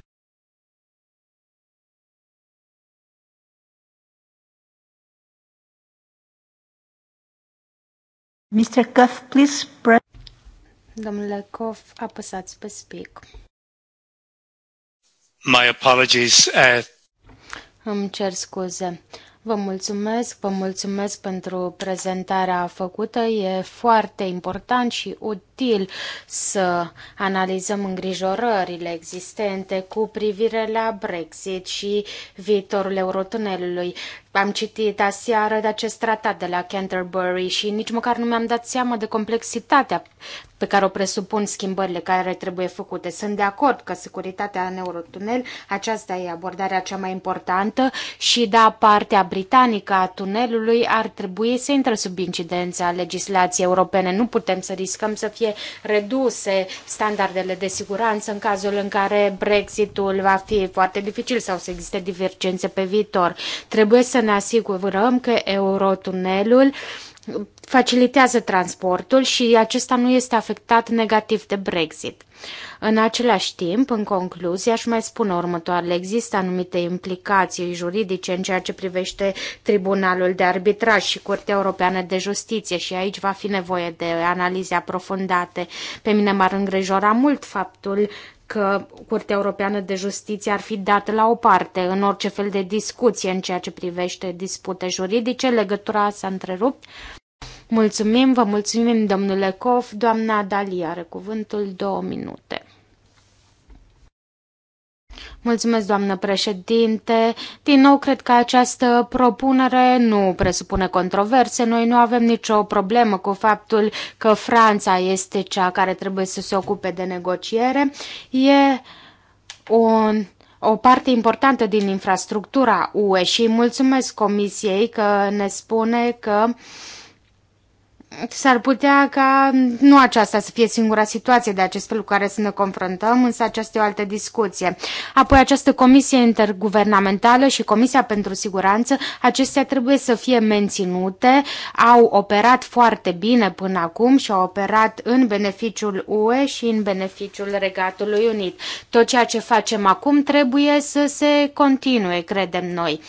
Mr. Cuff, please press... Domnule Cuff, apăsați pe speak. My apologies. Uh... Îmi cer scuze. Vă mulțumesc, vă mulțumesc pentru prezentarea făcută. E foarte important și util util să analizăm îngrijorările existente cu privire la Brexit și viitorul eurotunelului. Am citit aseară de acest tratat de la Canterbury și nici măcar nu mi-am dat seama de complexitatea pe care o presupun schimbările care trebuie făcute. Sunt de acord că securitatea în Eurotunel, aceasta e abordarea cea mai importantă și da, partea britanică a tunelului ar trebui să intre sub incidența legislației europene. Nu putem să riscăm să fie fie reduse standardele de siguranță în cazul în care Brexitul va fi foarte dificil sau să existe divergențe pe viitor. Trebuie să ne asigurăm că Eurotunelul facilitează transportul și acesta nu este afectat negativ de Brexit. În același timp, în concluzie, aș mai spune următoarele. Există anumite implicații juridice în ceea ce privește Tribunalul de Arbitraj și Curtea Europeană de Justiție și aici va fi nevoie de analize aprofundate. Pe mine m-ar îngrijora mult faptul că Curtea Europeană de Justiție ar fi dată la o parte în orice fel de discuție în ceea ce privește dispute juridice. Legătura s-a întrerupt. Mulțumim, vă mulțumim, domnule Cof. Doamna Dalia are cuvântul două minute. Mulțumesc, doamnă președinte. Din nou, cred că această propunere nu presupune controverse. Noi nu avem nicio problemă cu faptul că Franța este cea care trebuie să se ocupe de negociere. E un o parte importantă din infrastructura UE și mulțumesc Comisiei că ne spune că uh, S-ar putea ca nu aceasta să fie singura situație de acest fel cu care să ne confruntăm, însă aceasta e o altă discuție. Apoi această comisie interguvernamentală și Comisia pentru Siguranță, acestea trebuie să fie menținute, au operat foarte bine până acum și au operat în beneficiul UE și în beneficiul Regatului Unit. Tot ceea ce facem acum trebuie să se continue, credem noi.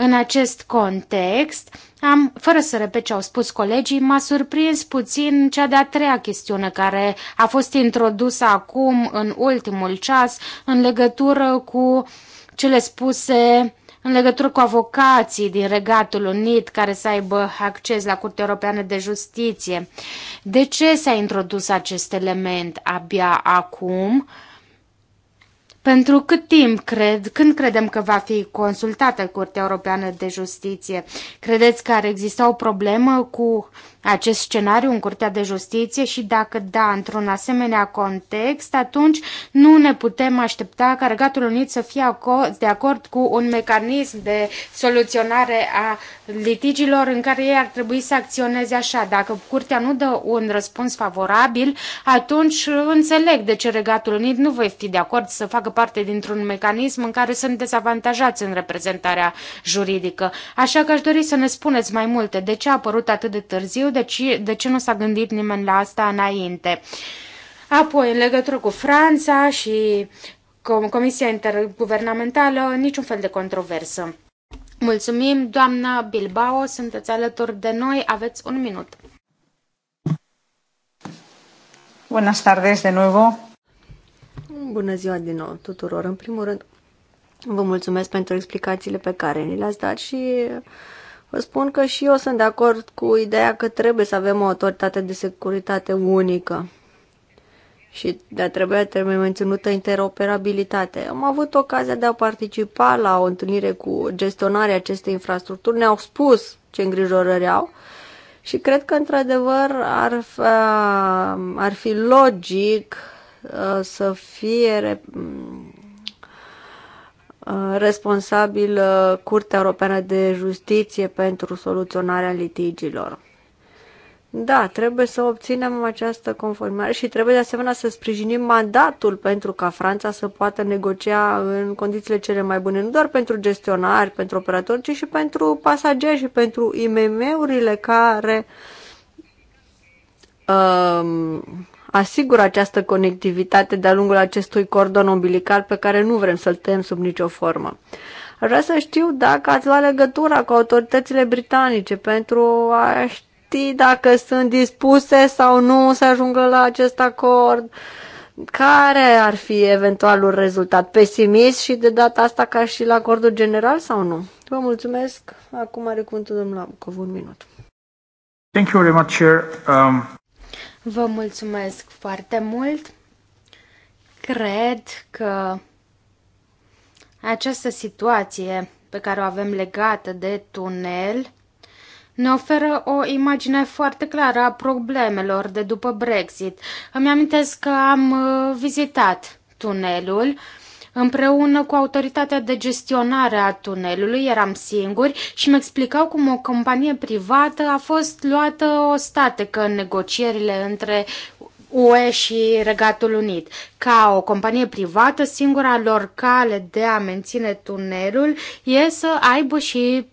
În acest context, am, fără să repet ce au spus colegii, m-a surprins puțin cea de-a treia chestiune care a fost introdusă acum, în ultimul ceas, în legătură cu cele spuse în legătură cu avocații din Regatul Unit care să aibă acces la Curtea Europeană de Justiție. De ce s-a introdus acest element abia acum? Uh, pentru cât timp cred, când credem că va fi consultată Curtea Europeană de Justiție? Credeți că ar exista o problemă cu acest scenariu în Curtea de Justiție și dacă da, într-un asemenea context, atunci nu ne putem aștepta ca Regatul Unit să fie de acord cu un mecanism de soluționare a litigilor în care ei ar trebui să acționeze așa. Dacă Curtea nu dă un răspuns favorabil, atunci înțeleg de ce Regatul Unit nu voi fi de acord să facă parte dintr-un mecanism în care sunt dezavantajați în reprezentarea juridică. Așa că aș dori să ne spuneți mai multe de ce a apărut atât de târziu știu de ce, de ce nu s-a gândit nimeni la asta înainte. Apoi, în legătură cu Franța și Comisia Interguvernamentală, niciun fel de controversă. Mulțumim, doamna Bilbao, sunteți alături de noi, aveți un minut. Bună tardes de nuevo. Bună ziua din nou tuturor. În primul rând, vă mulțumesc pentru explicațiile pe care ni le-ați dat și Vă spun că și eu sunt de acord cu ideea că trebuie să avem o autoritate de securitate unică și de trebuie trebuie menținută interoperabilitate. Am avut ocazia de a participa la o întâlnire cu gestionarea acestei infrastructuri, ne-au spus ce îngrijorări au și cred că într-adevăr ar, ar fi logic uh, să fie Uh, responsabil uh, Curtea Europeană de Justiție pentru soluționarea litigiilor. Da, trebuie să obținem această conformare și trebuie de asemenea să sprijinim mandatul pentru ca Franța să poată negocia în condițiile cele mai bune, nu doar pentru gestionari, pentru operatori, ci și pentru pasageri și pentru IMM-urile care uh, asigură această conectivitate de-a lungul acestui cordon umbilical pe care nu vrem să-l tăiem sub nicio formă. Aș vrea să știu dacă ați luat legătura cu autoritățile britanice pentru a ști dacă sunt dispuse sau nu să ajungă la acest acord. Care ar fi eventualul rezultat? Pesimist și de data asta ca și la acordul general sau nu? Vă mulțumesc. Acum are cuvântul domnul Abucov. Un minut. Thank you very much, Chair. Um... Vă mulțumesc foarte mult. Cred că această situație pe care o avem legată de tunel ne oferă o imagine foarte clară a problemelor de după Brexit. Îmi amintesc că am uh, vizitat tunelul Împreună cu autoritatea de gestionare a tunelului eram singuri și mi explicau cum o companie privată a fost luată o statecă în negocierile între UE și Regatul Unit. Ca o companie privată, singura lor cale de a menține tunelul e să aibă și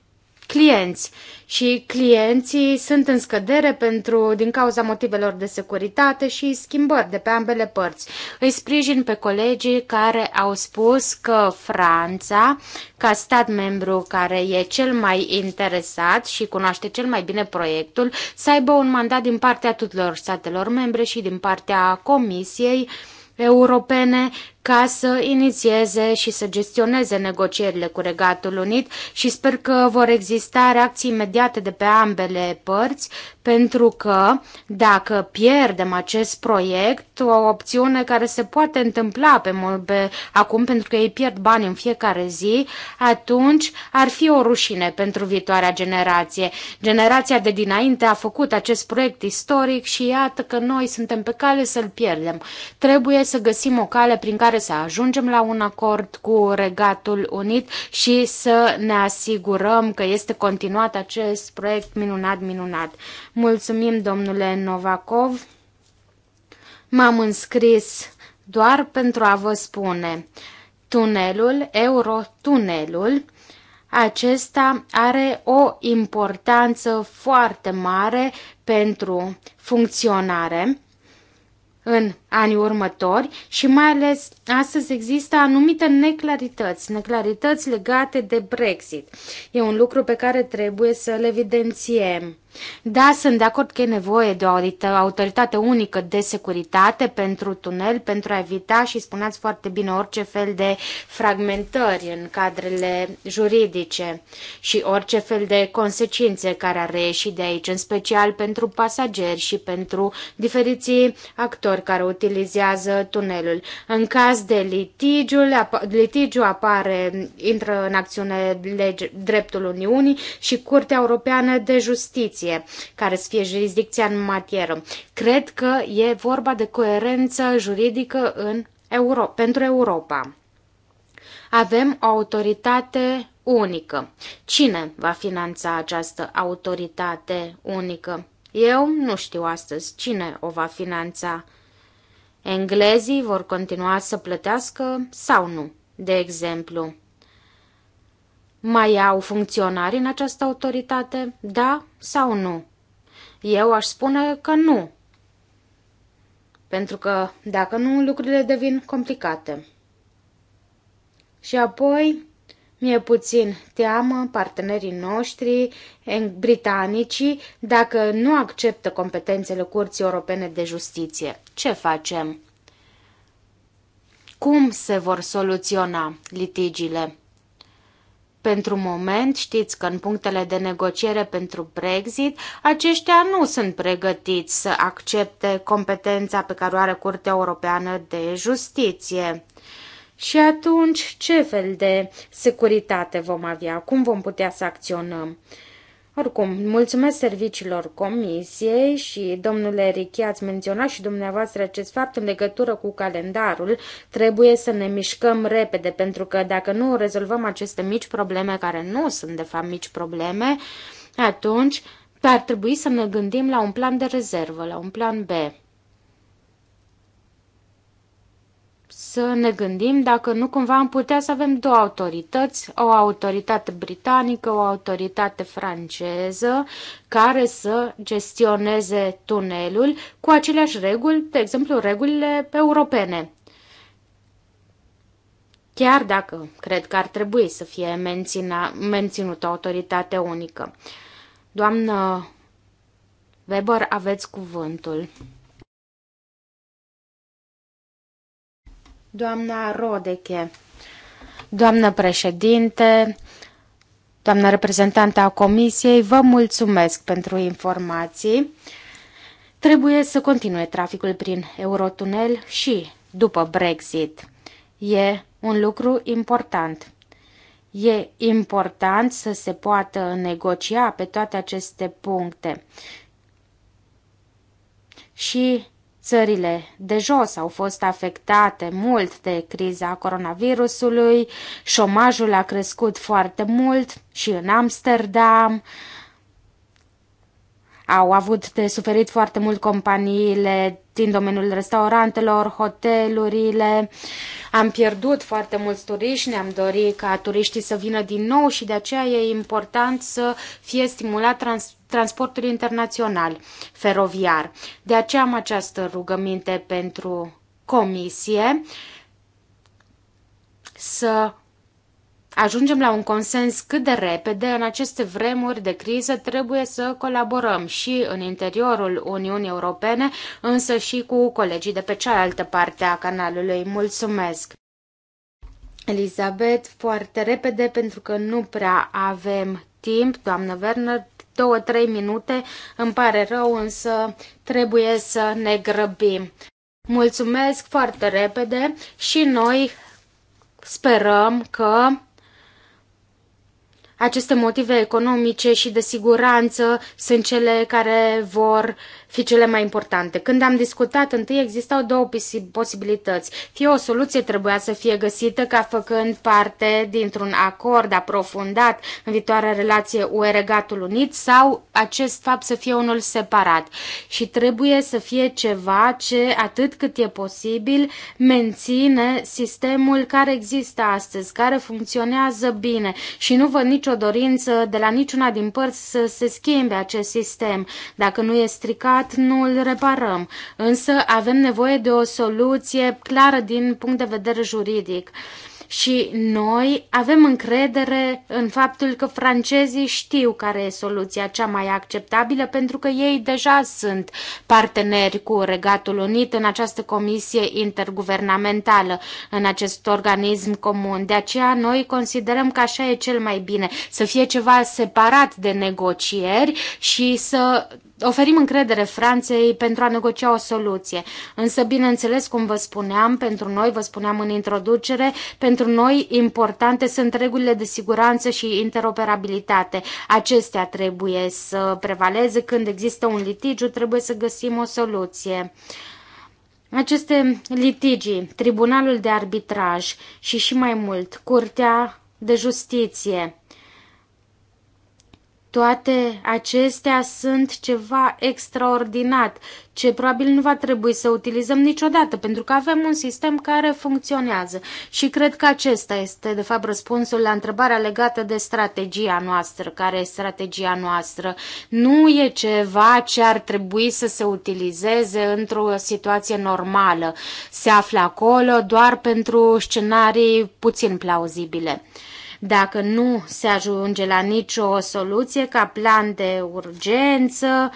clienți și clienții sunt în scădere pentru, din cauza motivelor de securitate și schimbări de pe ambele părți. Îi sprijin pe colegii care au spus că Franța, ca stat membru care e cel mai interesat și cunoaște cel mai bine proiectul, să aibă un mandat din partea tuturor statelor membre și din partea Comisiei europene ca să inițieze și să gestioneze negocierile cu Regatul Unit și sper că vor exista reacții imediate de pe ambele părți, pentru că dacă pierdem acest proiect, o opțiune care se poate întâmpla pe, pe acum, pentru că ei pierd bani în fiecare zi, atunci ar fi o rușine pentru viitoarea generație. Generația de dinainte a făcut acest proiect istoric și iată că noi suntem pe cale să-l pierdem. Trebuie să găsim o cale prin care care să ajungem la un acord cu Regatul Unit și să ne asigurăm că este continuat acest proiect minunat, minunat. Mulțumim, domnule Novakov. M-am înscris doar pentru a vă spune tunelul, eurotunelul, acesta are o importanță foarte mare pentru funcționare în anii următori și mai ales astăzi există anumite neclarități, neclarități legate de Brexit. E un lucru pe care trebuie să-l evidențiem. Da, sunt de acord că e nevoie de o autoritate unică de securitate pentru tunel, pentru a evita și spuneați foarte bine orice fel de fragmentări în cadrele juridice și orice fel de consecințe care ar reieși de aici, în special pentru pasageri și pentru diferiții actori care utilizează utilizează tunelul. În caz de litigiul, litigiu apare, intră în acțiune lege, dreptul Uniunii și Curtea Europeană de Justiție, care să fie jurisdicția în matieră. Cred că e vorba de coerență juridică în Euro- pentru Europa. Avem o autoritate unică. Cine va finanța această autoritate unică? Eu nu știu astăzi cine o va finanța. Englezii vor continua să plătească sau nu, de exemplu. Mai au funcționari în această autoritate, da sau nu? Eu aș spune că nu, pentru că dacă nu, lucrurile devin complicate. Și apoi, Mie e puțin teamă partenerii noștri, britanicii, dacă nu acceptă competențele Curții Europene de Justiție. Ce facem? Cum se vor soluționa litigiile? Pentru moment, știți că în punctele de negociere pentru Brexit, aceștia nu sunt pregătiți să accepte competența pe care o are Curtea Europeană de Justiție. Și atunci, ce fel de securitate vom avea? Cum vom putea să acționăm? Oricum, mulțumesc serviciilor comisiei și domnule Richi, ați menționat și dumneavoastră acest fapt în legătură cu calendarul. Trebuie să ne mișcăm repede, pentru că dacă nu rezolvăm aceste mici probleme, care nu sunt de fapt mici probleme, atunci ar trebui să ne gândim la un plan de rezervă, la un plan B. să ne gândim dacă nu cumva am putea să avem două autorități, o autoritate britanică, o autoritate franceză, care să gestioneze tunelul cu aceleași reguli, de exemplu regulile europene. Chiar dacă cred că ar trebui să fie menținut, menținută autoritate unică. Doamnă Weber, aveți cuvântul. Doamna Rodeche, doamnă președinte, doamnă reprezentantă a Comisiei, vă mulțumesc pentru informații. Trebuie să continue traficul prin Eurotunel și după Brexit. E un lucru important. E important să se poată negocia pe toate aceste puncte. Și Țările de jos au fost afectate mult de criza coronavirusului, șomajul a crescut foarte mult și în Amsterdam, au avut de suferit foarte mult companiile din domeniul restaurantelor, hotelurile. Am pierdut foarte mulți turiști, ne-am dorit ca turiștii să vină din nou și de aceea e important să fie stimulat trans- transportul internațional feroviar. De aceea am această rugăminte pentru comisie să ajungem la un consens cât de repede. În aceste vremuri de criză trebuie să colaborăm și în interiorul Uniunii Europene, însă și cu colegii de pe cealaltă parte a canalului. Mulțumesc! Elizabeth, foarte repede, pentru că nu prea avem timp, doamnă Werner, două-trei minute. Îmi pare rău, însă trebuie să ne grăbim. Mulțumesc foarte repede și noi sperăm că aceste motive economice și de siguranță sunt cele care vor fi cele mai importante. Când am discutat întâi, existau două posibilități. Fie o soluție trebuia să fie găsită ca făcând parte dintr-un acord aprofundat în viitoarea relație UE-Regatul Unit sau acest fapt să fie unul separat. Și trebuie să fie ceva ce, atât cât e posibil, menține sistemul care există astăzi, care funcționează bine și nu văd nici nicio dorință de la niciuna din părți să se schimbe acest sistem. Dacă nu e stricat, nu îl reparăm. Însă avem nevoie de o soluție clară din punct de vedere juridic și noi avem încredere în faptul că francezii știu care e soluția cea mai acceptabilă pentru că ei deja sunt parteneri cu Regatul Unit în această comisie interguvernamentală, în acest organism comun. De aceea noi considerăm că așa e cel mai bine, să fie ceva separat de negocieri și să oferim încredere Franței pentru a negocia o soluție. Însă, bineînțeles, cum vă spuneam, pentru noi, vă spuneam în introducere, pentru noi importante sunt regulile de siguranță și interoperabilitate. Acestea trebuie să prevaleze când există un litigiu, trebuie să găsim o soluție aceste litigii, Tribunalul de Arbitraj și și mai mult, Curtea de Justiție. Toate acestea sunt ceva extraordinar, ce probabil nu va trebui să utilizăm niciodată, pentru că avem un sistem care funcționează. Și cred că acesta este, de fapt, răspunsul la întrebarea legată de strategia noastră, care e strategia noastră. Nu e ceva ce ar trebui să se utilizeze într-o situație normală. Se află acolo doar pentru scenarii puțin plauzibile. Dacă nu se ajunge la nicio soluție ca plan de urgență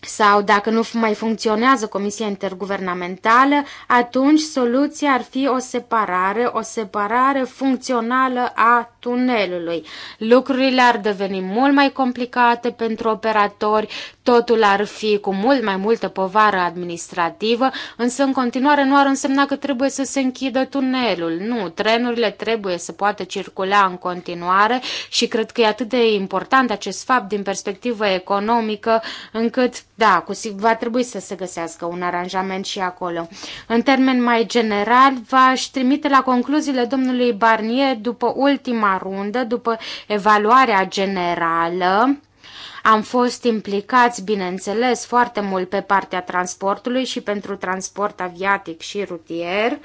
sau dacă nu mai funcționează Comisia Interguvernamentală, atunci soluția ar fi o separare, o separare funcțională a tunelului. Lucrurile ar deveni mult mai complicate pentru operatori Totul ar fi cu mult mai multă povară administrativă, însă în continuare nu ar însemna că trebuie să se închidă tunelul. Nu, trenurile trebuie să poată circula în continuare și cred că e atât de important acest fapt din perspectivă economică, încât, da, cu, va trebui să se găsească un aranjament și acolo. În termen mai general, v-aș trimite la concluziile domnului Barnier după ultima rundă, după evaluarea generală am fost implicați, bineînțeles, foarte mult pe partea transportului și pentru transport aviatic și rutier.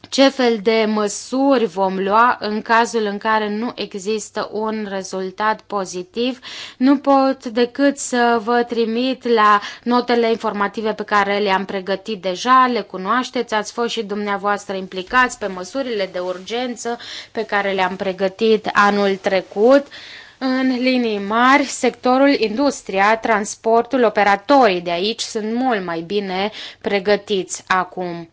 Ce fel de măsuri vom lua în cazul în care nu există un rezultat pozitiv? Nu pot decât să vă trimit la notele informative pe care le-am pregătit deja, le cunoașteți, ați fost și dumneavoastră implicați pe măsurile de urgență pe care le-am pregătit anul trecut. În linii mari, sectorul industria, transportul, operatorii de aici sunt mult mai bine pregătiți acum.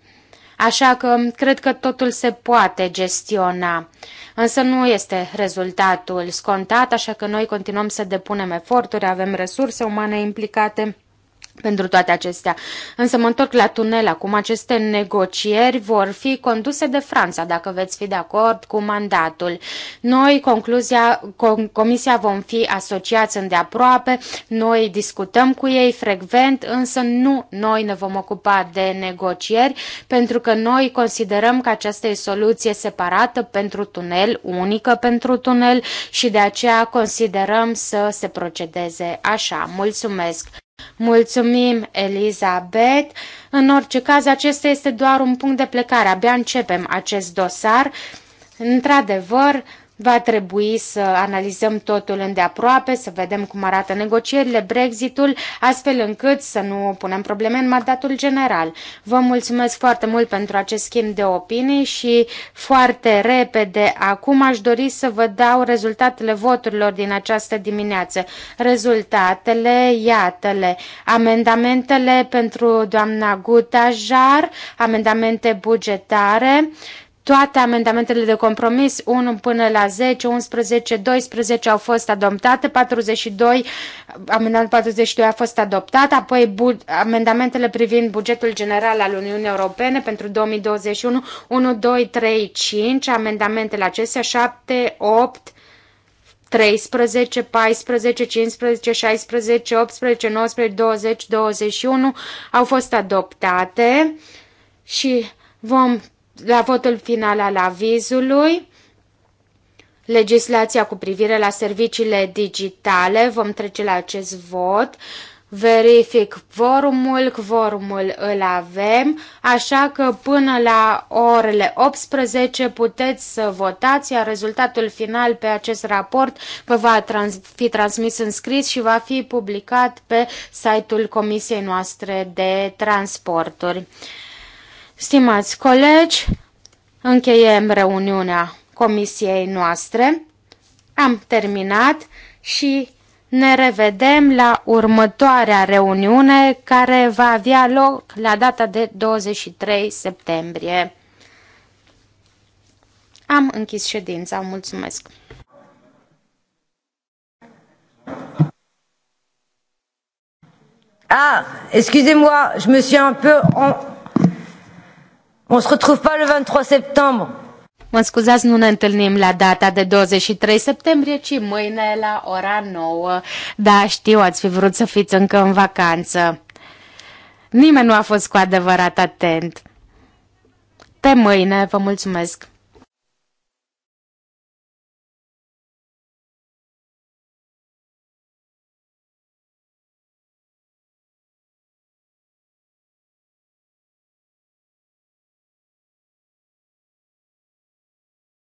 Așa că cred că totul se poate gestiona. Însă nu este rezultatul scontat, așa că noi continuăm să depunem eforturi, avem resurse umane implicate pentru toate acestea. Însă mă întorc la tunel acum. Aceste negocieri vor fi conduse de Franța, dacă veți fi de acord cu mandatul. Noi, concluzia, com Comisia vom fi asociați îndeaproape, noi discutăm cu ei frecvent, însă nu noi ne vom ocupa de negocieri, pentru că noi considerăm că aceasta e soluție separată pentru tunel, unică pentru tunel și de aceea considerăm să se procedeze așa. Mulțumesc! Mulțumim, Elizabeth. În orice caz, acesta este doar un punct de plecare. Abia începem acest dosar. Într-adevăr, Va trebui să analizăm totul îndeaproape, să vedem cum arată negocierile, Brexitul, astfel încât să nu punem probleme în mandatul general. Vă mulțumesc foarte mult pentru acest schimb de opinii și foarte repede acum aș dori să vă dau rezultatele voturilor din această dimineață. Rezultatele, iată-le. Amendamentele pentru doamna Gutajar, amendamente bugetare, toate amendamentele de compromis, 1 până la 10, 11, 12 au fost adoptate, 42, amendamentul 42 a fost adoptat, apoi bu, amendamentele privind bugetul general al Uniunii Europene pentru 2021, 1, 2, 3, 5, amendamentele acestea, 7, 8, 13, 14, 15, 16, 18, 19, 20, 21 au fost adoptate și vom la votul final al avizului, legislația cu privire la serviciile digitale, vom trece la acest vot, verific vorumul, vorumul îl avem, așa că până la orele 18 puteți să votați, iar rezultatul final pe acest raport vă va trans fi transmis în scris și va fi publicat pe site-ul comisiei noastre de transporturi. Stimați colegi, încheiem reuniunea comisiei noastre. Am terminat și ne revedem la următoarea reuniune care va avea loc la data de 23 septembrie. Am închis ședința. Mulțumesc! Ah, excusez-moi, je me suis un peu en... On se retrouve pas le 23 septembre. Mă scuzați, nu ne întâlnim la data de 23 septembrie, ci mâine la ora 9. Da, știu, ați fi vrut să fiți încă în vacanță. Nimeni nu a fost cu adevărat atent. Pe mâine, vă mulțumesc!